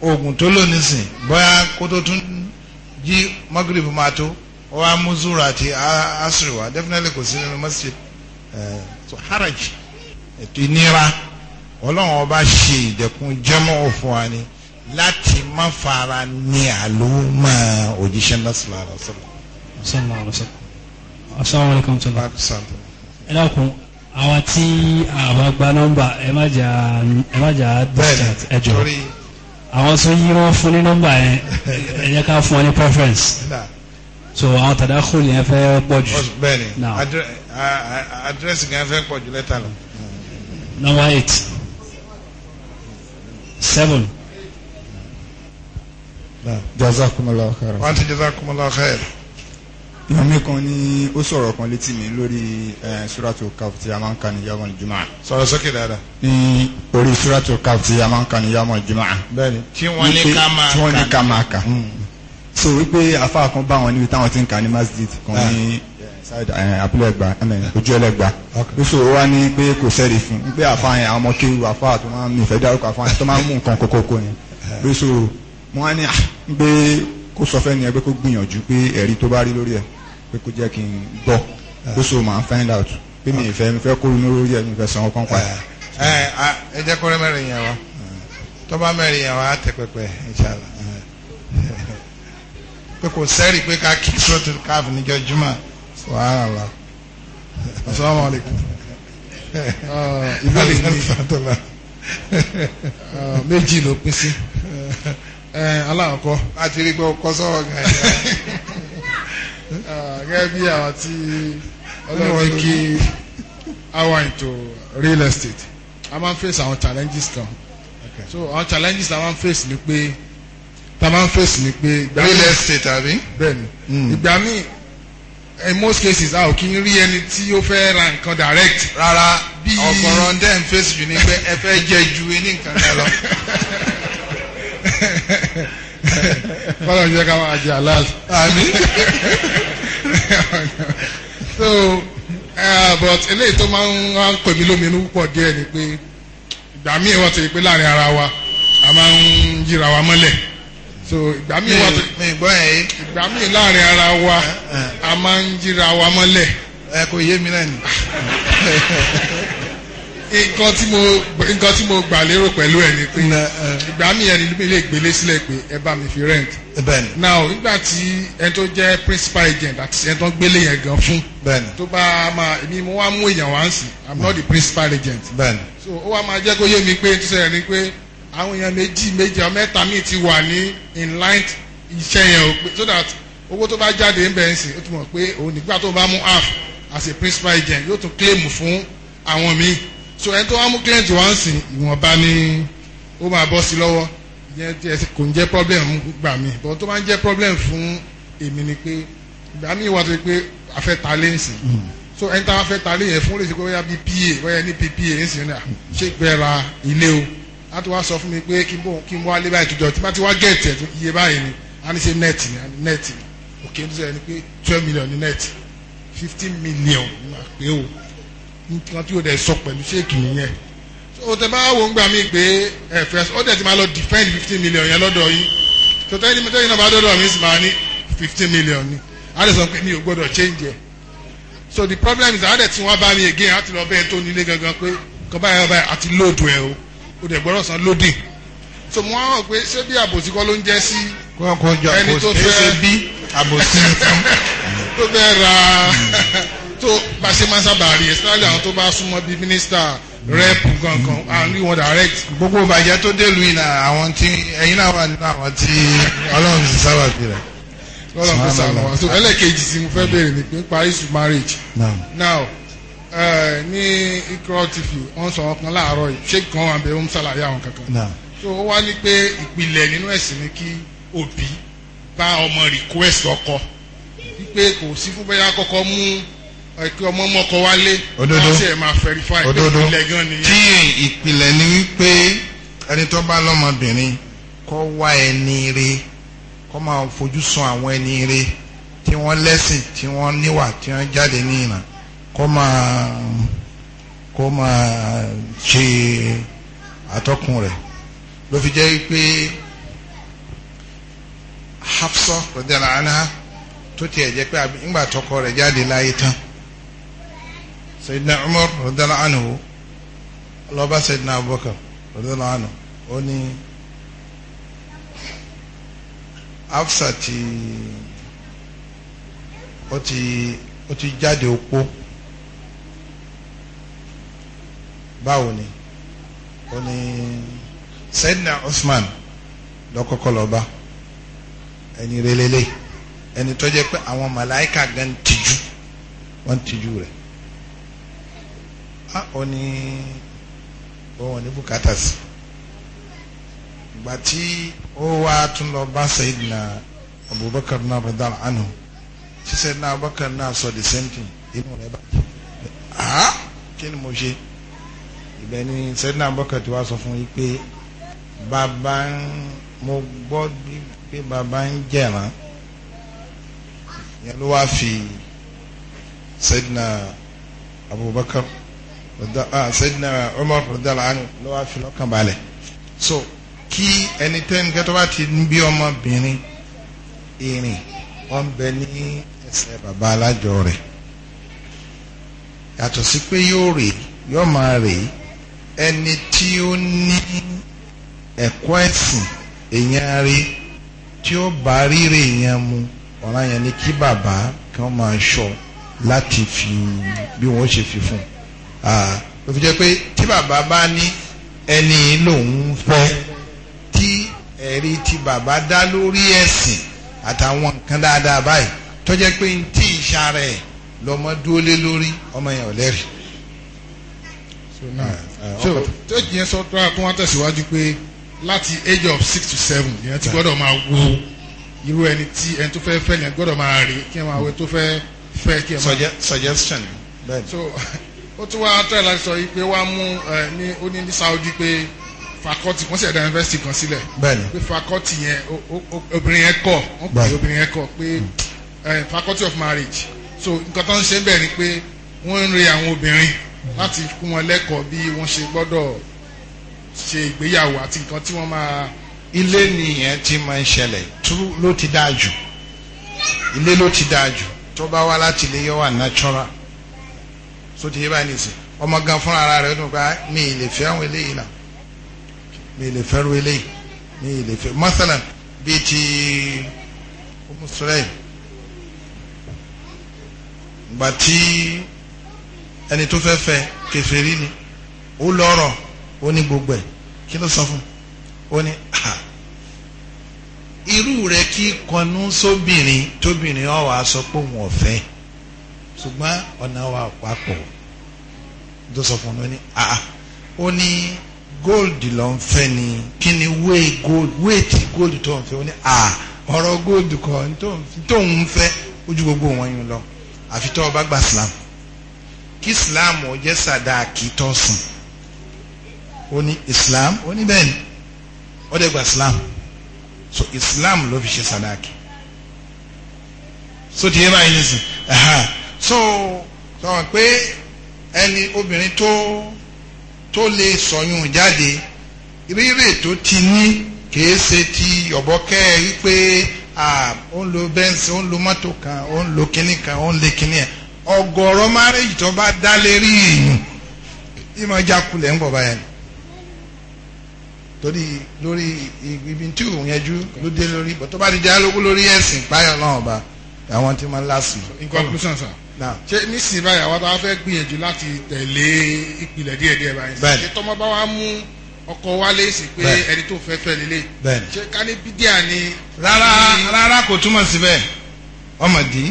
[SPEAKER 1] oògùn tó lò nísìn bóyá kó tó tún jí magrib máa tó ó wá mú àti asiri definitely kò sí nínú masjid so haraj ètò ìnira ọlọ́run ọba ṣe ìdẹ̀kùn jẹ́mọ́ òfin wa ni
[SPEAKER 2] láti má fara
[SPEAKER 1] ní àlùmọ́ òjíṣẹ́ náà
[SPEAKER 2] sallallahu alaihi wasallam. sallallahu alaihi ẹ dákun àwa tí àbá gba nọ́mbà ẹ má jà ẹ má ẹ jọ. bẹ́ẹ̀ni torí àwọn tó yí wọn fún ní nọ́mbà yẹn ẹ̀yẹ ká fún wọn ní preference so àwọn tàdá kò yẹn fẹ́ pọ̀ jù. bẹ́ẹ̀ni
[SPEAKER 1] àdírẹ́sì yẹn fẹ́ pọ̀ jù lẹ́tà lọ.
[SPEAKER 2] number eight seven. jazakumullahu khair. wọ́n
[SPEAKER 1] ti jazakumullahu
[SPEAKER 2] khair yomi kan ni ó sọ̀rọ̀ kan létí mi lórí eh, suratul kaf tí a máa ń kà ní yamọ̀ jùmọ̀. sọ̀rọ̀ sókè dáadáa. ní orí suratul kaf tí a máa ń kà ní yamọ̀ jùmọ̀. bẹ́ẹ̀ni
[SPEAKER 1] tí wọ́n ní ká máa kà. tí wọ́n ní
[SPEAKER 2] ká máa kà. so wípé afa kan bá wọn níbi táwọn ti ń kà ní masjid kan ní ah. eh, eh, abúlé ẹgbà ojú ẹlẹgbà lóṣù wa ní pé kò sẹ́rí fún un pé afa yẹn àwọn ọmọ kéwù afa tó máa ń mi ìfẹ́ dárúkọ afa yẹn tó máa ń mú nǹkan kókókó yẹn lóṣù ah, kó sọ fẹ́ ni ẹgbẹ́ kó gbìyànjú
[SPEAKER 4] pé ẹ̀rí tó bá rí lórí ẹ̀ pé kó jẹ́ kí n gbọ́ kó so máa find out pé mi ìfẹ́ mi fẹ́ kó inú lórí ẹ̀ mi fẹ́ san ọkàn padà.
[SPEAKER 1] ẹ ẹ jẹ́ kó rẹ́ mẹ́rin yẹn wá tó bá mẹ́rin yẹn wá á tẹ pẹpẹ inṣàlá pé kò sẹ́rì pé ká kí sọ́tún káf níjọ jùmọ̀ wàhálà la asalaamu alaykum. ìbéèrè mi méjì ló pín sí aláàkọ́. a ti rí i pé o kọ́ sọ́wọ́ gan-an. Ah, gẹ́gẹ́ bí àwọn tí ọlọ́run kí our into real estate a máa ń face àwọn challenges kan so àwọn challenges ta máa ń face ni pé ta máa ń face ni pé. real estate àbí. bẹ́ẹ̀ni hmm. ìgbà míì in most cases a ò kí ń rí ẹni tí ó fẹ́ ra nǹkan direct. rárá bí ọ̀gọ̀rọ̀ dem face you ni pé ẹ fẹ́ jẹ ju ní nǹkan kan lọ. kọ́lọ̀ jẹ́ ká máa so uh, but eléyìí tó ma n wá ń pè mí púpọ̀ díẹ̀ ni pé ìgbà míì wọ́n láàrin ara wa a máa ń yíra wa mọ́lẹ̀ so ìgbà míì gbọ́ ẹ̀ yìí. ìgbà míì ara wa eh, eh. a máa ń yíra wa mọ́lẹ̀. ẹ eh, kò yé nǹkan tí mo nǹkan tí mo gbà lérò pẹ̀lú ẹ̀ ni pé eh. ìgbà mi ẹni lè gbélé sílẹ̀ pé ẹ bá mi fi rent. Eh, bẹ́ẹ̀ni. now nígbà tí ẹni tó jẹ́ principal agent àti ẹni tó ń gbélé yẹn gan fún. bẹ́ẹ̀ni. tó bá máa èmi mo wá mú èèyàn wá ń i'm not the principal agent. bẹ́ẹ̀ni. so ó wá máa jẹ́ kó yé mi pé tó sẹ́yìn ni pé àwọn èèyàn méjì méjì ọ mẹ́ta míì ti wà ní in line iṣẹ́ yẹn o so that owó tó bá jáde ń bẹ̀ ń sìn ó ti mọ̀ pé òun nígbà tó bá mú half as a principal agent yóò tún claim fún àwọn míì so ẹni tó wá mú client wá ń sìn ìwọ̀nba ni ó máa bọ́ sí lọ́wọ́ ìyẹn tí ẹ kò ń jẹ́ problem gbà mí but tó máa ń jẹ́ problem fún èmi ni pé ìgbà míì wà tó pé a fẹ́ ta lé ń hmm. so ẹni tá a fẹ́ ta lé yẹn fún lè ṣe pé bóyá bíi pa bóyá ní ppa ń sìn náà ṣé ìpẹ́ ra ilé o á tó wá sọ fún mi pé kí n bọ̀ kí n wá lé báyìí tìjọ tí wá gẹ̀ẹ́tì ẹ̀ iye báyìí ni a ní ṣe nẹ́ẹ̀tì ni nẹ́ẹ̀tì òkè ń sọ ẹni pé twelve million ní nẹ́ẹ̀tì fifteen million ni màá pé o nǹkan tí o dẹ̀ sọ pẹ̀lú ṣéèkì nìyẹn o tẹ bá wo ń gbà mí pé ẹ fẹ ọ dẹ̀ ti máa lọ defend fifteen million yẹn lọ́dọ̀ yín tó tẹ́lẹ̀ mi tẹ́lẹ̀ náà bá dọ́dọ̀ mi sì máa ní fifteen million ni a lè sọ pé mi ò gbọ́dọ̀ change ẹ̀ so the problem is àádẹ́ tí wọ́n bá mi again àti lọ bẹ́ẹ̀ tó nílé gangan pé kọ́ba ẹ̀ ọba ẹ̀ àti lóòdù ẹ̀ o o dẹ̀ gbọ́dọ̀ san lódì so mo wá hàn pé ṣé bí àbòsí kọ́ ló ń jẹ́ sí ẹni tó fẹ́ àbòsí tó fẹ́ ra. Hmm tó bá ṣe máa sábà rí especially àwọn tó bá súnmọ́ bíi mínísítà rẹ́ẹ̀pù gangan àrí wọn direct. gbogbo ìbàjẹ́ tó délùú iná àwọn tí ẹ̀yin náà wà nínú àwọn tí ọlọ́run ti sábà fi rẹ̀. lọ́dọ̀ kó sàlọ̀ wá so ẹlẹ́ẹ̀kejì tí mo fẹ́ béèrè ni pé paris marriage. now eh, ní ikọ̀ tv wọ́n sọ ọkàn láàárọ̀ yìí ṣé kan wà bẹ́ẹ̀ ó ń ṣàlàyé àwọn kankan. so ó wá ní pé ìpìlẹ̀ nínú ẹ̀sìn ni kí òbí bá ọmọ request ọkọ wípé kò sí fún bẹ́ẹ̀ akọ́kọ́ mú ẹ̀kí ọmọ mọ́kọ wálé òdodo ṣe máa fẹ́rífà tí ìpìlẹ̀ ni wípé ẹni tó bá lọ́mọbìnrin kọ́ wá ẹni re kọ́ máa fojú sun àwọn ẹni re tí wọ́n lẹ́sìn tí wọ́n níwà tí wọ́n jáde ní kọ́ máa kọ́ máa ṣe rẹ̀ ló fi jẹ́ Hafsa tó tiẹ̀ jẹ́ pé sayidina umar rọdẹ́lá anahu ọlọ́ba sayidina abubakar rọdẹ́lá anahu ó ní afsa ti ó ti ó ti jáde opó báwo ni ó ní sayidina usman lọ́kọ́kọ́ lọ́ba ẹni relele ẹni tó jẹ́ pé àwọn gan tijú wọ́n tijú rẹ̀ ah ó ní òun ní bùkátà sí ìgbà tí ó wá tún lọ bá Sayyidina Abubakar náà radal anhu tí Sayyidina Abubakar náà sọ the same thing inú rẹ̀ bàjẹ́ ah kí ni mo ṣe ibẹ̀ ni Sayyidina Abubakar ti wá sọ fún yìí pé bàbá ń mo gbọ́ pé bàbá ń jẹ̀rán yẹn ló wá fi Sayyidina Abubakar. Ah, Sayyidina Umar radiyallahu na ló wá so kí ẹni tẹ́nikẹ́ bá ti ń bí ọmọbìnrin irin wọ́n bẹ ní ẹsẹ̀ bàbá alájọ rẹ̀ yàtọ̀ sí pé yóò rè yóò máa rè ẹni tí ó ní ẹ̀kọ́ ẹ̀sìn èèyàn rí tí ó bá rírè mu ló fi jẹ́ pé tí bàbá bá ní ẹni lòun fẹ́ tí ẹ̀rí tí bàbá dá lórí ẹ̀sìn àtàwọn nǹkan dáadáa báyìí tó jẹ́ pé ní tí ìṣà rẹ̀ lọ́mọ dúró lé lórí ọmọ yẹn ò lẹ́rìí. so ah, ah, tẹ́jì yẹn sọ tó wá tẹ̀síwájú pé láti age of six to seven yẹn ti gbọ́dọ̀ máa wo irú ẹni tí ẹni tó fẹ́ fẹ́ yẹn gbọ́dọ̀ máa rí kí ẹ máa wo tó fẹ́ fẹ́ kí ẹ máa. suggestion bẹ́ẹ̀ so ó tún wá tẹ̀ láti sọ yìí pé wá mú ẹ ní ó ní ní Saudi pé fakọti wọ́n sì ẹ̀dá yunifásitì kan sílẹ̀ pé fakọti yẹn obìnrin yẹn kọ̀ wọ́n pè obìnrin yẹn kọ̀ pé faculty of marriage so nǹkan tó ń ṣe bẹ́ẹ̀ ni pé wọ́n ń re àwọn obìnrin láti kún wọn lẹ́kọ̀ọ́ bí wọ́n ṣe gbọ́dọ̀ ṣe ìgbéyàwó àti nǹkan tí wọ́n máa. ilé nìyẹn ti máa ń ṣẹlẹ̀ tú ló ti dáa jù ilé ló ti dáa jù tó bá wá láti ilé yọ wà natural so ti yé báyìí nìsín ọmọ gan fún ara rẹ̀ ó dùn pé ah, mi ì lè fẹ́ àwọn eléyìí náà mi ì lè fẹ́ ru eléyìí mi ì lè fẹ́ masalan bíi ti Umu Sulaim gbà tí ẹni tó fẹ́ fẹ́ kèfèrí ni ó lọ́rọ̀ ó ní gbogbo ẹ̀ kí ló sọ fún ó ní ha ah, irú rẹ̀ kí kọnú sóbìnrin tóbìnrin ó wá sọ pé òun ò fẹ́ ṣùgbọ́n ọ̀nà wa papọ̀ tó sọ fún un ní àá ó ní gold ló ń fẹ́ ni kí ni wéè gold wéè ti gold tó ń fẹ́ ó ní àá ah, ọ̀rọ̀ gold kan tó ń fẹ́ ojú gbogbo wọn yín lọ àfi tó o bá gba Islam kí Islam ó jẹ́ sàdáàkì tó sùn ó ní Islam ó ní bẹ́ẹ̀ ni ó dẹ̀ gba Islam so Islam ló fi ṣe sàdáàkì so tiẹ̀ báyìí nísìnyí so sọ̀rọ̀ pé ẹni obìnrin tó tó lè sọyún jáde rírè tó ti ní kìí ṣe ti ọ̀bọ̀kẹ́ wípé ó ń lo bẹ́ǹsì ó ń lo mọ́tò kan ó ń lo kinní kan ó ń lo kinní ẹ̀ ọ̀gọ̀rọ̀ márẹ́jì tó bá dá lérí ìyún ìmọ̀ jákulẹ̀ ń bọ̀ báyà ni torí lórí ibi tí òun yẹn ló dé lórí bọ̀ tó bá ti dá lórí ẹ̀sìn páyọ̀ náà ọba àwọn tí wọ́n lásì. in conclusion sir ṣe nísìnyí báyìí àwọn tó wá fẹ́ gbìyànjú láti tẹ̀lé ìpìlẹ̀ díẹ̀díẹ̀ báyìí ṣe tọmọ bá wa mú ọkọ wálé sí pé ẹni tó fẹ́ fẹ́ lélẹ̀ ṣe ká bídíà ni. rárá rárá kò túmọ̀ síbẹ̀ ọmọdé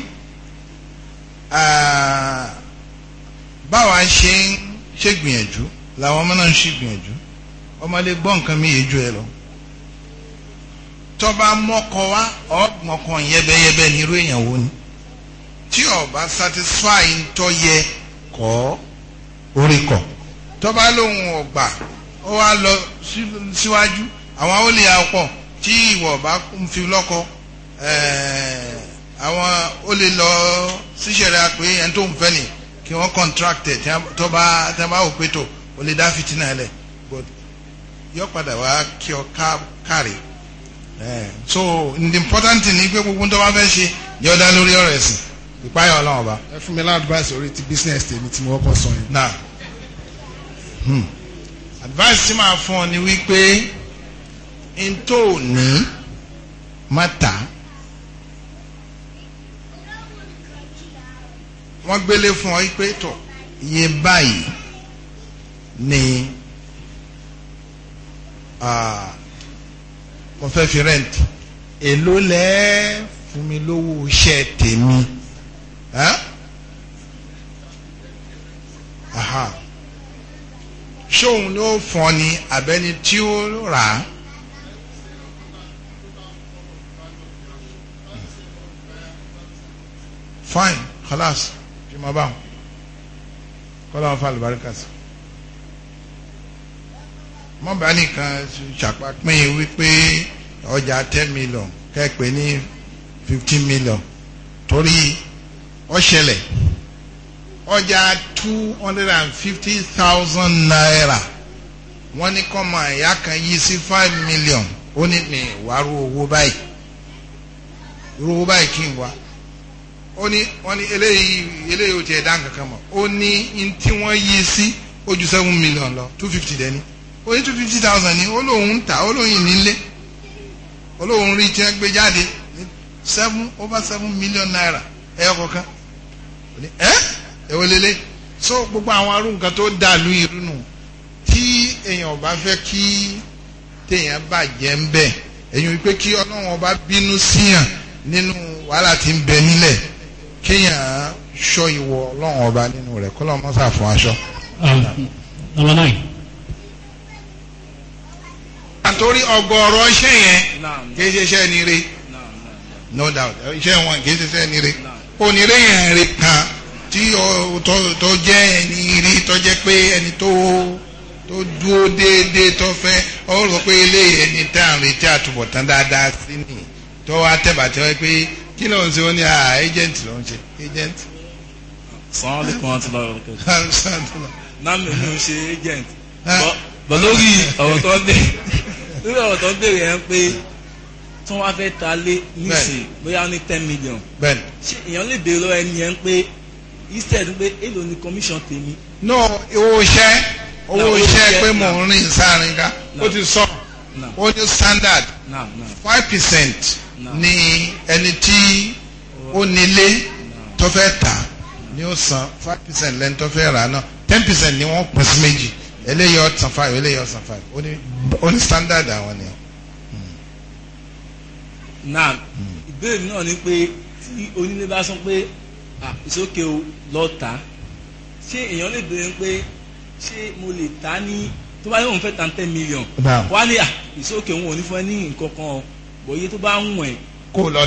[SPEAKER 1] báwa ṣe ń ṣègbìyànjú làwọn ọmọ náà ń ṣègbìyànjú ọmọ lè gbọ́ nǹkan mi yé ju ẹ lọ tọba mọkọ wa ọgbọnkọ yẹbẹyẹbẹ nírú èèyàn wo ni tí ọba satisfy ntọ yẹ kọ orí kọ tọba lòun ọgbà ó wá lọ síwájú àwọn olè àpọ tí ìwọ ọba ń fi lọkọ eh, àwọn olè lọ síṣẹrẹ àpè ẹni tó ń fẹ́ ni kí wọ́n contracted tọba tọba òpètò olè dá fìtínà lẹ but yọ padà wá kí ọ káàrí so the important thing ni pé gbogbo tó bá fẹ́ ṣe yọ dá lórí ọ̀rọ̀ ẹ̀sìn ìpáyà ọlọ́run ọba. ẹ fún mi lá advice orí ti business tèmi tí mo kọ́kọ́ sọ yẹn. na hmm. advice tí màá fún ọ ni wípé n tó ní má tà á. wọ́n gbélé fún ọ pé tọ̀ iye báyìí ni. Uh, mo fẹ́ fi rent èló lẹ́ fún mi lówó iṣẹ́ tèmi ṣóun ni ó fọn ni abẹ́ni tí ó rà á. Hmm. fine khalas jimabam kọ́lá wọn fa àlùbáríkà sí i mọ́bà nìkan ṣàpapín wípé ọjà ten million kẹ́pẹ́ ní fifteen million torí ọ̀ṣẹlẹ̀ ọjà two hundred and fifty thousand naira wọ́n ní kọ́ máa ìyá kan yí sí five million ó ní ní ìwárú owó báyìí irú owó báyìí kí n wá ó ní wọ́n ní eléyìí eléyìí ò tiẹ̀ dá nǹkan kan mọ̀ ó ní ní tí wọ́n yí sí ó ju seven million lọ two fifty dẹ́ni oye two fifty thousand ni ó lóun ń tà ó lóun yìí nílé ó lóun rí tí gbé jáde seven over seven million naira ẹyọ kọ̀ọ̀kan ẹ ẹ wọ́n lélẹ̀ so gbogbo àwọn arú nǹkan tó dà lú irú nù tí èèyàn bá fẹ́ kí téèyàn bàjẹ́ ń bẹ̀ èèyàn wípé kí ọlọ́run ọba bínú síyàn nínú wàhálà tí ń bẹ nílẹ̀ kéèyàn ṣọ́ ìwọ ọlọ́run ọba nínú rẹ̀ kọ́lọ́ fún aṣọ. number nine àtòrí ọgọ́rọ̀ ṣẹ́ yẹn kìí ṣe ṣẹ́ ni no doubt iṣẹ́ wọn kìí ṣe ṣẹ́ ni re onire yẹn re kan tí tó jẹ́ ẹni rí tó jẹ́ pé ẹni tó tó dúró déédéé tó fẹ́ ọ rò pé eléyìí ẹni tá à ń retí àtúbọ̀tán dáadáa sí ni tó wá tẹ̀bàtẹ́ wá pé kí ló ń ṣe ó ní à agent ló ń ṣe agent.
[SPEAKER 2] sàn án lè kàn án lọ rẹ
[SPEAKER 1] kẹsàn-án.
[SPEAKER 2] náà ló ń ṣe agent. bọ́ lórí ọ̀rọ̀ tó ń dé irú ọ̀rọ̀ tó ń béèrè yẹn pé tí wọ́n fẹ́ ta lé nísìn bóyá ní ten million ṣé èèyàn lè béèrè lọ́wọ́ ẹni yẹn pé instead pé èlò ni commission tèmi. no
[SPEAKER 1] owó iṣẹ́ owó iṣẹ́ pé mò ń rìn sáárín ká ó ti sọ ó ní standard five percent ni ẹni tí ó nílé tó fẹ́ tà ni ó san five percent lẹ́ni tó fẹ́ rà náà ten percent ni wọ́n pín méjì eléyìí ọ̀sán five eléyìí ọ̀sán five ó ní ó ní standard àwọn ni. Hmm.
[SPEAKER 2] na hmm. ìbéèrè náà ni pé tí onílé bá sọ pé ìsókè o lọ tà á ṣé èèyàn lè béèrè pé ṣé mo lè tà á ní tó bá yẹ òun fẹ́ tàn ten million wá ní ìsókè òun ò ní fún ẹ ní nǹkan kan o bòye tó bá ń wọ̀n kó lọ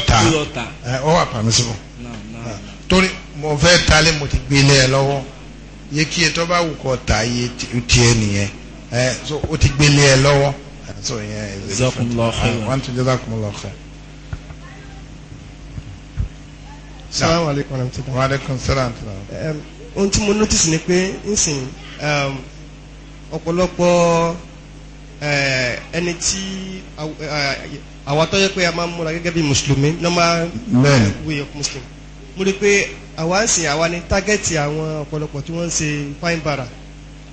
[SPEAKER 2] tà
[SPEAKER 1] á ó wà pàmísìmọ̀ torí mo fẹ́ talé mo ti gbélé ẹ lọ́wọ́ yé kí etọ́ bá wù kọ́ ta yé tiẹ̀ nìyẹn ẹ so o ti gbélé ẹ lọ́wọ́ so yẹn is a different one to the other kumulọ ọkẹ. salaam aleykum warahmatulah. wa aleykum salaam warahmatulah.
[SPEAKER 2] ohun tí mo notice ni pé nsìn ọ̀pọ̀lọpọ̀ ẹni tí àwa tó yẹ pé a máa ń múra gẹ́gẹ́ bí mùsùlùmí normal way of muslim mo rí pé àwa ń sìn àwa ní tágẹ́tì àwọn ọ̀pọ̀lọpọ̀ tí wọ́n ń ṣe fine bara.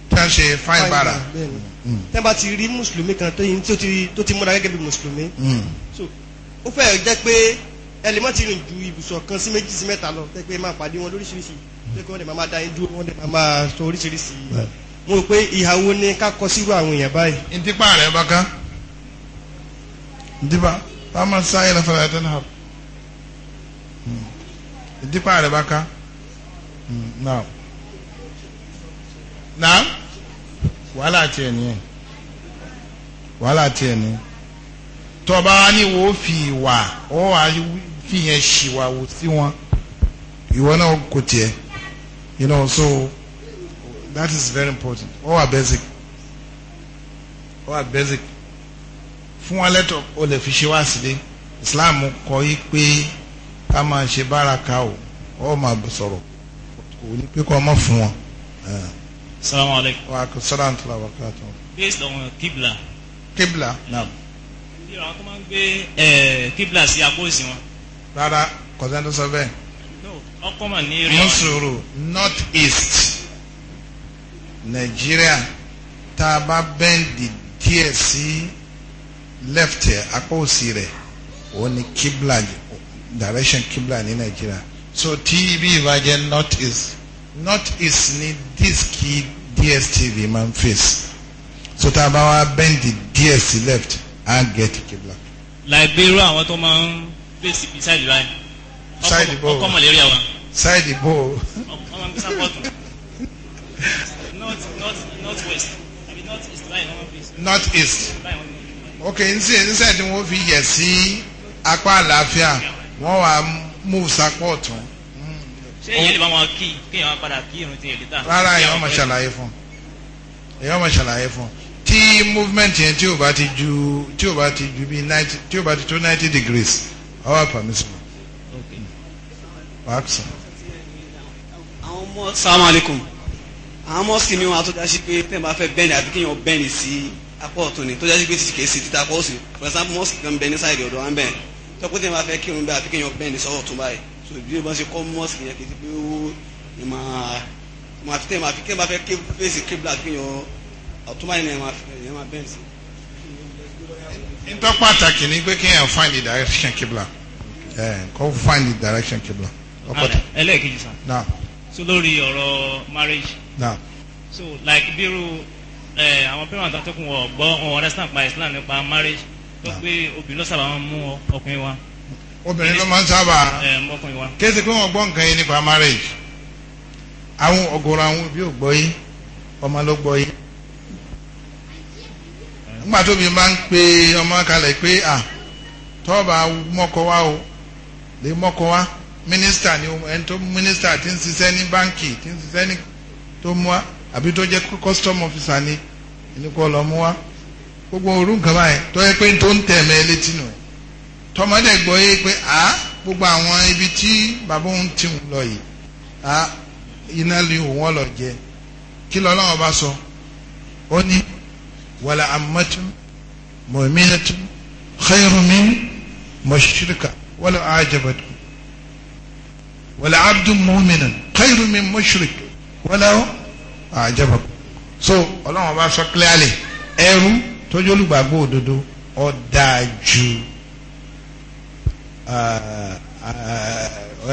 [SPEAKER 1] tẹ́ ń ṣe fine bara. tẹ́ mm.
[SPEAKER 2] mm. bá ti rí mùsùlùmí kan tó ti múra gẹ́gẹ́ bí mùsùlùmí. Mm. so ó fẹ́ jẹ́ pé ẹlẹ́mọ̀ ti rìn ju ibùsọ̀ kan sí méjì sí mẹ́ta lọ tẹ́ pé máa pàdé wọn lóríṣiríṣi pé kí wọ́n dẹ̀ máa dá yín dúró wọ́n dẹ̀ máa sọ oríṣiríṣi. mo rò pé ìhàwó ni ká kọ sírú àwọn èèyàn báyìí. ntí pa bá ká
[SPEAKER 1] ntí bá máa sáyẹn lọ fẹlẹ ìdípa rẹ̀ bá ká naam hmm, naam wàhálà tiẹ̀ nìyẹn wàhálà tiẹ̀ nìyẹn tọba ni wo fi ìwà ọ wà fi yẹn ṣìwà wò sí wọn ìwọ náà kò tiẹ̀ you know so that is very important ọ wà basic ọ wà basic fún wa lẹ́tọ̀ o lè fi ṣe wá sílé Islam kọ́ yí pé ká máa ṣe báraka o ọ máa sọ̀rọ̀ kò ní pé kọ́ ọmọ fún wọn. salamu alaykum. wa alaykum salaam tula wa kato.
[SPEAKER 2] based on kibla.
[SPEAKER 1] kibla naam.
[SPEAKER 2] ìdí àwọn tó máa ń gbé
[SPEAKER 1] kibla sí apó òsì wọn. rárá kọ́sẹ́ńtò sọ bẹ́ẹ̀.
[SPEAKER 2] no ọkọ mà ní rí. musoro
[SPEAKER 1] north east Nigeria tá a bá bẹ́ǹdì díẹ̀ sí left apá òsì rẹ̀ òun ni kibla yìí direction kibla ní Nigeria, so tí ibi ìbàjẹ́ north east north east ní díìskì DSTV máa ń face so tá a bá wá bend the dsc left and get kibla.
[SPEAKER 2] làìbẹ̀rù àwọn tó máa ń fèsì bíi side line side bo ọkọ malaria wa. side bo. ọkọ máa ń gbé north north north west àbí north east line wọn fèsì.
[SPEAKER 1] north east ok nsí nsí ẹ̀ tí wọ́n fi yẹ̀ sí apá àlàáfíà. Yeah wọ́n wà mú sapọ̀ tún.
[SPEAKER 2] ṣé èyí lè bá wọn kí kéèyàn padà kí irun ti èlé tà. rárá èyàn máa ṣàlàyé fún
[SPEAKER 1] èyàn máa ṣàlàyé fún tí movement yẹn tí ò bá ti ju tí ò bá ti ju bí ninety tí ò bá ti tó ninety degrees ó wà permissible. Wàhálà.
[SPEAKER 2] Àwọn ọmọ sàmú alaykum. Àwọn ọmọ sì ni wọn àtọ́jà sí pé tẹ̀ bá fẹ́ bẹ́ẹ̀ni àbí kéèyàn bẹ́ẹ̀ni sí apá ọ̀tún ni tọ́jà sí pé títí kèé sí títa apá òsì. For example, mọ́sì kan bẹ ní sáìdì ọ̀dọ̀ wa ń bẹ̀rẹ̀ tọkọtẹ máa fẹ́ kírun bẹ́ẹ̀ àfi kéèyàn bẹ́ẹ̀ ní sọ́wọ́ tó báyìí so bí o bá ṣe kọ́ mọ́ọ̀sì yẹn kì í ti pé ó ní máa fi tẹ́ máa fi kéèyàn bá fẹ́ fèsì kébìlà kéèyàn ọ̀tún báyìí ni
[SPEAKER 3] ẹ̀ máa bẹ́ẹ̀ sí.
[SPEAKER 1] ntọ́ pàtàkì ni pé kéèyàn find the direction kébìlà kó find the direction kébìlà.
[SPEAKER 2] ẹlẹ́ẹ̀kejì sá. na. so lórí ọ̀rọ̀ marriage. na. so like bírú àwọn parents àtọkùn wọn gbọ́ wọn understand by Islam nípa marriage tó pé obìnrin ló sábà máa ń mú ọkùnrin wa. obìnrin ló máa ń sábà
[SPEAKER 1] kéde pé wọ́n gbọ́ nǹkan yẹn nípa marriage àwọn ọ̀gọ̀rọ̀ àwọn òbí ò gbọ́ yín ọmọ ló gbọ́ yín nígbà tóbi máa ń pe ọmọ kalẹ̀ pé à tọ́ọ̀bà mọ́kọ wa o lè mọ́kọ wa mínísítà ni ẹni tó mínísítà ti ń ṣiṣẹ́ ní báǹkì ti ń ṣiṣẹ́ ní tó mú wa àbí tó jẹ́ custom officer ni ẹni kò lọ mú wa gbogbo orú nǹkan báyẹn tó yẹ pé n tó ń tẹ̀ mẹ́ létí nù tọmọdé gbọ́ yé pé a gbogbo àwọn ibi tí bàbá òun ti ń lọ yìí a iná ni òun ọ̀lọ̀ jẹ kí lọ́lọ́wọ́ bá sọ ó ní wàlà àmọ́tún mọ̀mínẹ́tún xeyirumi mọ̀ṣíríkà wàlà àjẹbẹ̀tún wàlà abdul mọ́mínẹ́ xeyirumi mọ̀ṣíríkà wàlà àjẹbẹ̀tún so ọlọ́wọ́ bá sọ clearly ẹrú tójú olùgbàgbọ́ òdodo ó dáa ju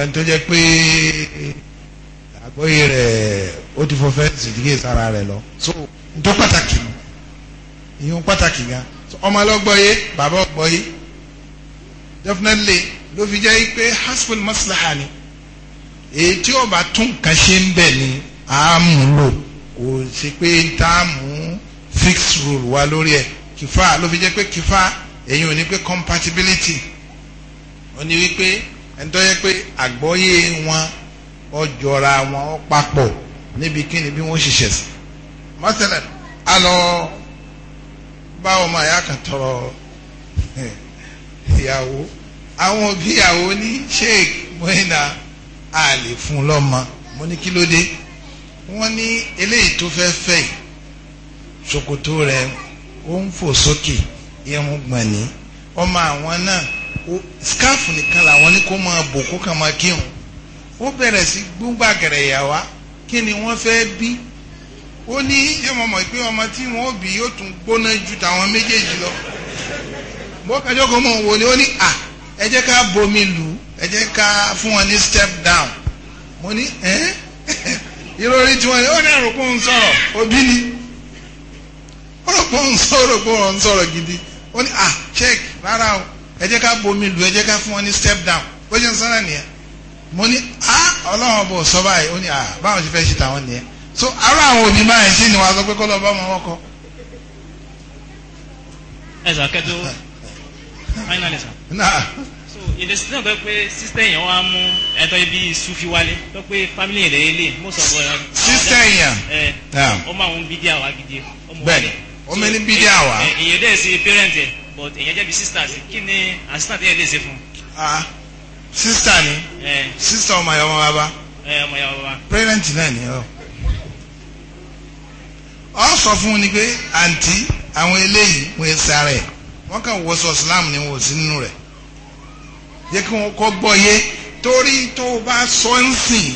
[SPEAKER 1] ẹni tó jẹ́ pé àgbọ́yé rẹ̀ ó ti fọ fẹ́ǹsì dígé sára rẹ̀ lọ so tó pàtàkì ìyún pàtàkì gan ọmọ ọlọ́gbọ́yé bàbá ọgbọ́yé definitely ló fi jẹ́ pé hasbul maslaha ni èyí tí ó bá tún nǹkan ṣe ń bẹ̀ ni àá lò kò ṣe pé tá a fixed rule wa lórí ẹ̀ kìfà ló fi jẹ́ pé kìfà èyí ò ní pé compatibility ó ní wípé ẹni tó yẹ pé àgbọ́yé wọn ọjọ́ra wọn ó papọ̀ níbi kíni bí wọ́n ṣiṣẹ́ sí mọ́tẹ́lẹ̀ a lọ bá ọmọ àyà kan tọrọ eh, ìyàwó àwọn òbí ìyàwó ní sheik mohina a lè fún lọ́mọ mo ní kí ló dé wọ́n ní eléyìí tó fẹ́ fẹ́ yìí ṣòkòtò rẹ̀ ó ń fò sókè irun gbọ̀nì ọmọ àwọn náà skáàfù nìkan làwọn ní kó máa bò kó kàn máa kírun ó bẹ̀rẹ̀ sí gbúngbà gẹ̀rẹ̀ yà wá kí ni wọ́n fẹ́ bí ó ní yọmọ mọ̀ pé ọmọ tí wọ́n bí yóò tún gbóná ju tàwọn méjèèjì lọ bọ́kájọ́ kan mọ̀ wò ni ó ní à ẹ jẹ́ ká bomi lù ẹ jẹ́ ká fún wọn ní step down mo ní ẹ́ ìròrí tí wọ́n ní ó ní àròkún sọ̀rọ̀ òbí ni ó rò pé òun sọ̀rọ̀ pé òun sọ̀rọ̀ gidi ó ní ah check rárá o ẹ jẹ́ ká bomi lu ẹ jẹ́ ká fún wọn ní step down bó ṣe ń sọ́nà nìyẹn mo ní ah ọlọ́run ọba ò sọ báyìí ó ní ah báwọn ṣe fẹ́ ṣe tàwọn nìyẹn so ara àwọn òní báyìí sí ni wàá sọ pé kó lọ bá ọmọ wọn kọ.
[SPEAKER 2] ẹ sà kẹ́tọ́ finally sà. naa. so èdè sísè tó pé sísè yẹn wàá mú ẹ̀tọ́ ibi sufi wálé tó pé family yẹn lè lè eh, mú sọ̀rọ̀. sísè yẹn. ẹ ọmọ àwọn bídíà wa gidi. bẹ́ẹ̀ni ọmọ ẹni bí dé àwa. èyàn dẹ́ ṣe parent ẹ̀ but èyàn jẹ́ bí sister sí kí ni assistant èyàn dẹ́ ṣe fún. sister ni
[SPEAKER 1] sister ọmọ ayọ̀mọ bàbá parent náà ni ọ. ọ sọ fún un ni pé àǹtí àwọn eléyìí wọ́n ṣe ara kàn wọ sọ Islam ni wọ́n ò sí nínú rẹ̀ jẹ́ kí wọ́n kọ́ gbọ́ yé torí tó o bá sọ ń sìn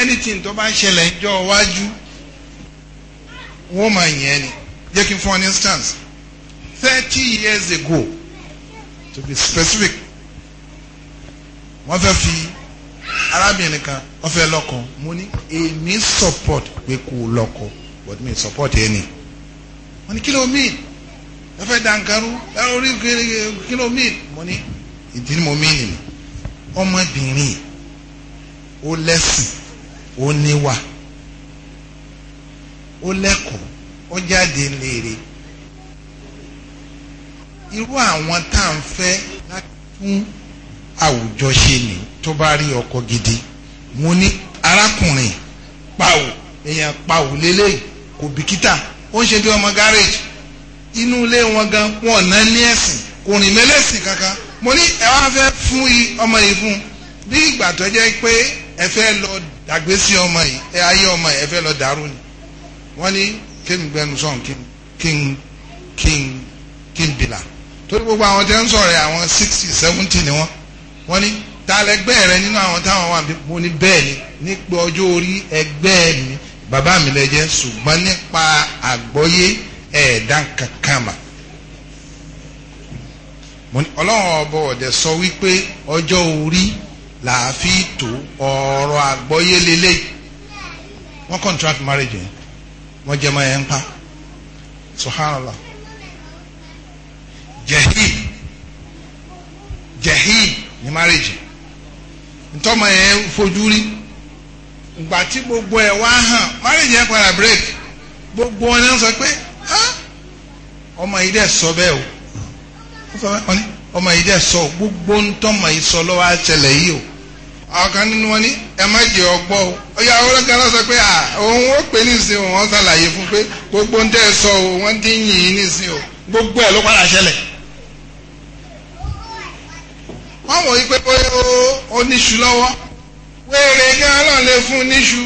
[SPEAKER 1] anything tó bá ṣẹlẹ̀ ń jọ wájú wọ́n máa yẹn ni jẹ́ for n instance 30 years ago to be specific wọ́n fẹ́ fi arábìnrin kan wọ́n fẹ́ lọ́kọ mo ní support pé kò lọ́kọ but mi support any? wọ́n ní kí ló mean ẹ fẹ́ dankaru I will kí ló mean mo ní ìdí ni mo mean ni ọmọbìnrin ó lẹ́sìn níwà ó lẹ́kọ̀ọ́ ó jáde léèrè irú àwọn tá à ń fẹ́ láti fún àwùjọ ṣe ni tó bá rí ọkọ gidi mo ní arákùnrin pawò èèyàn pawò lélẹ́yìí kò bìkítà ó ń ṣe bí ọmọ gáréèjì inú ilé wọn gan wọn ná ní ẹ̀sìn kò rìn mẹ́lẹ́sìn kankan mo ní ẹ wá fẹ́ fún ọmọ yìí fún bí ìgbà tó jẹ́ pé ẹ fẹ́ lọ dàgbé sí ọmọ yìí ẹ ayé ọmọ yìí ẹ fẹ́ lọ dàrú ni wọ́n ní kí n gbẹnu sọ̀n kí n kí n kí n kí n bìlà torí gbogbo àwọn tẹ́ ń sọ̀rọ̀ yẹn àwọn sixty seventy ni wọ́n wọ́n ní ta lẹgbẹ́ rẹ nínú àwọn táwọn wà bí mo ní bẹ́ẹ̀ ni nípa ọjọ́ orí ẹgbẹ́ mi bàbá mi lẹ jẹ́ ṣùgbọ́n nípa àgbọ́yé ẹ̀ẹ̀dá kankan mà ọlọ́run ọbọ̀ ọ̀dẹ̀ sọ wípé ọjọ́ orí làá fi tó ọ̀rọ̀ àgbọ́yé lélẹ́yìí wọ́n contract marriage yẹn. wọ́n jẹ́ máa yẹn ń pa subhanallah jahil jahil ní márèjì yẹn ìgbà tí gbogbo ẹ̀ wá hàn márèjì yẹn padà break gbogbo wọn náà sọ pé ọmọ yìí dẹ̀ sọ bẹ́ẹ̀ o ọmọ yìí dẹ̀ sọ gbogbo ntọ́mọ yìí sọ lọ́wọ́ àwọn kan nínú wọn ní ẹ má jẹ ọgbọ́ o ọyá ọlọ́kan lọ sọ pé òun ó pè nísìn òun wọn ṣàlàyé fún pé gbogbo ń tẹ́ sọ o wọ́n ti yìn ín nísìn o gbogbo ẹ̀ ló padà ṣẹlẹ̀ wọ́n wọ̀ yí pé ó níṣu lọ́wọ́ wéèrè kí ọlọ́run lè fún níṣu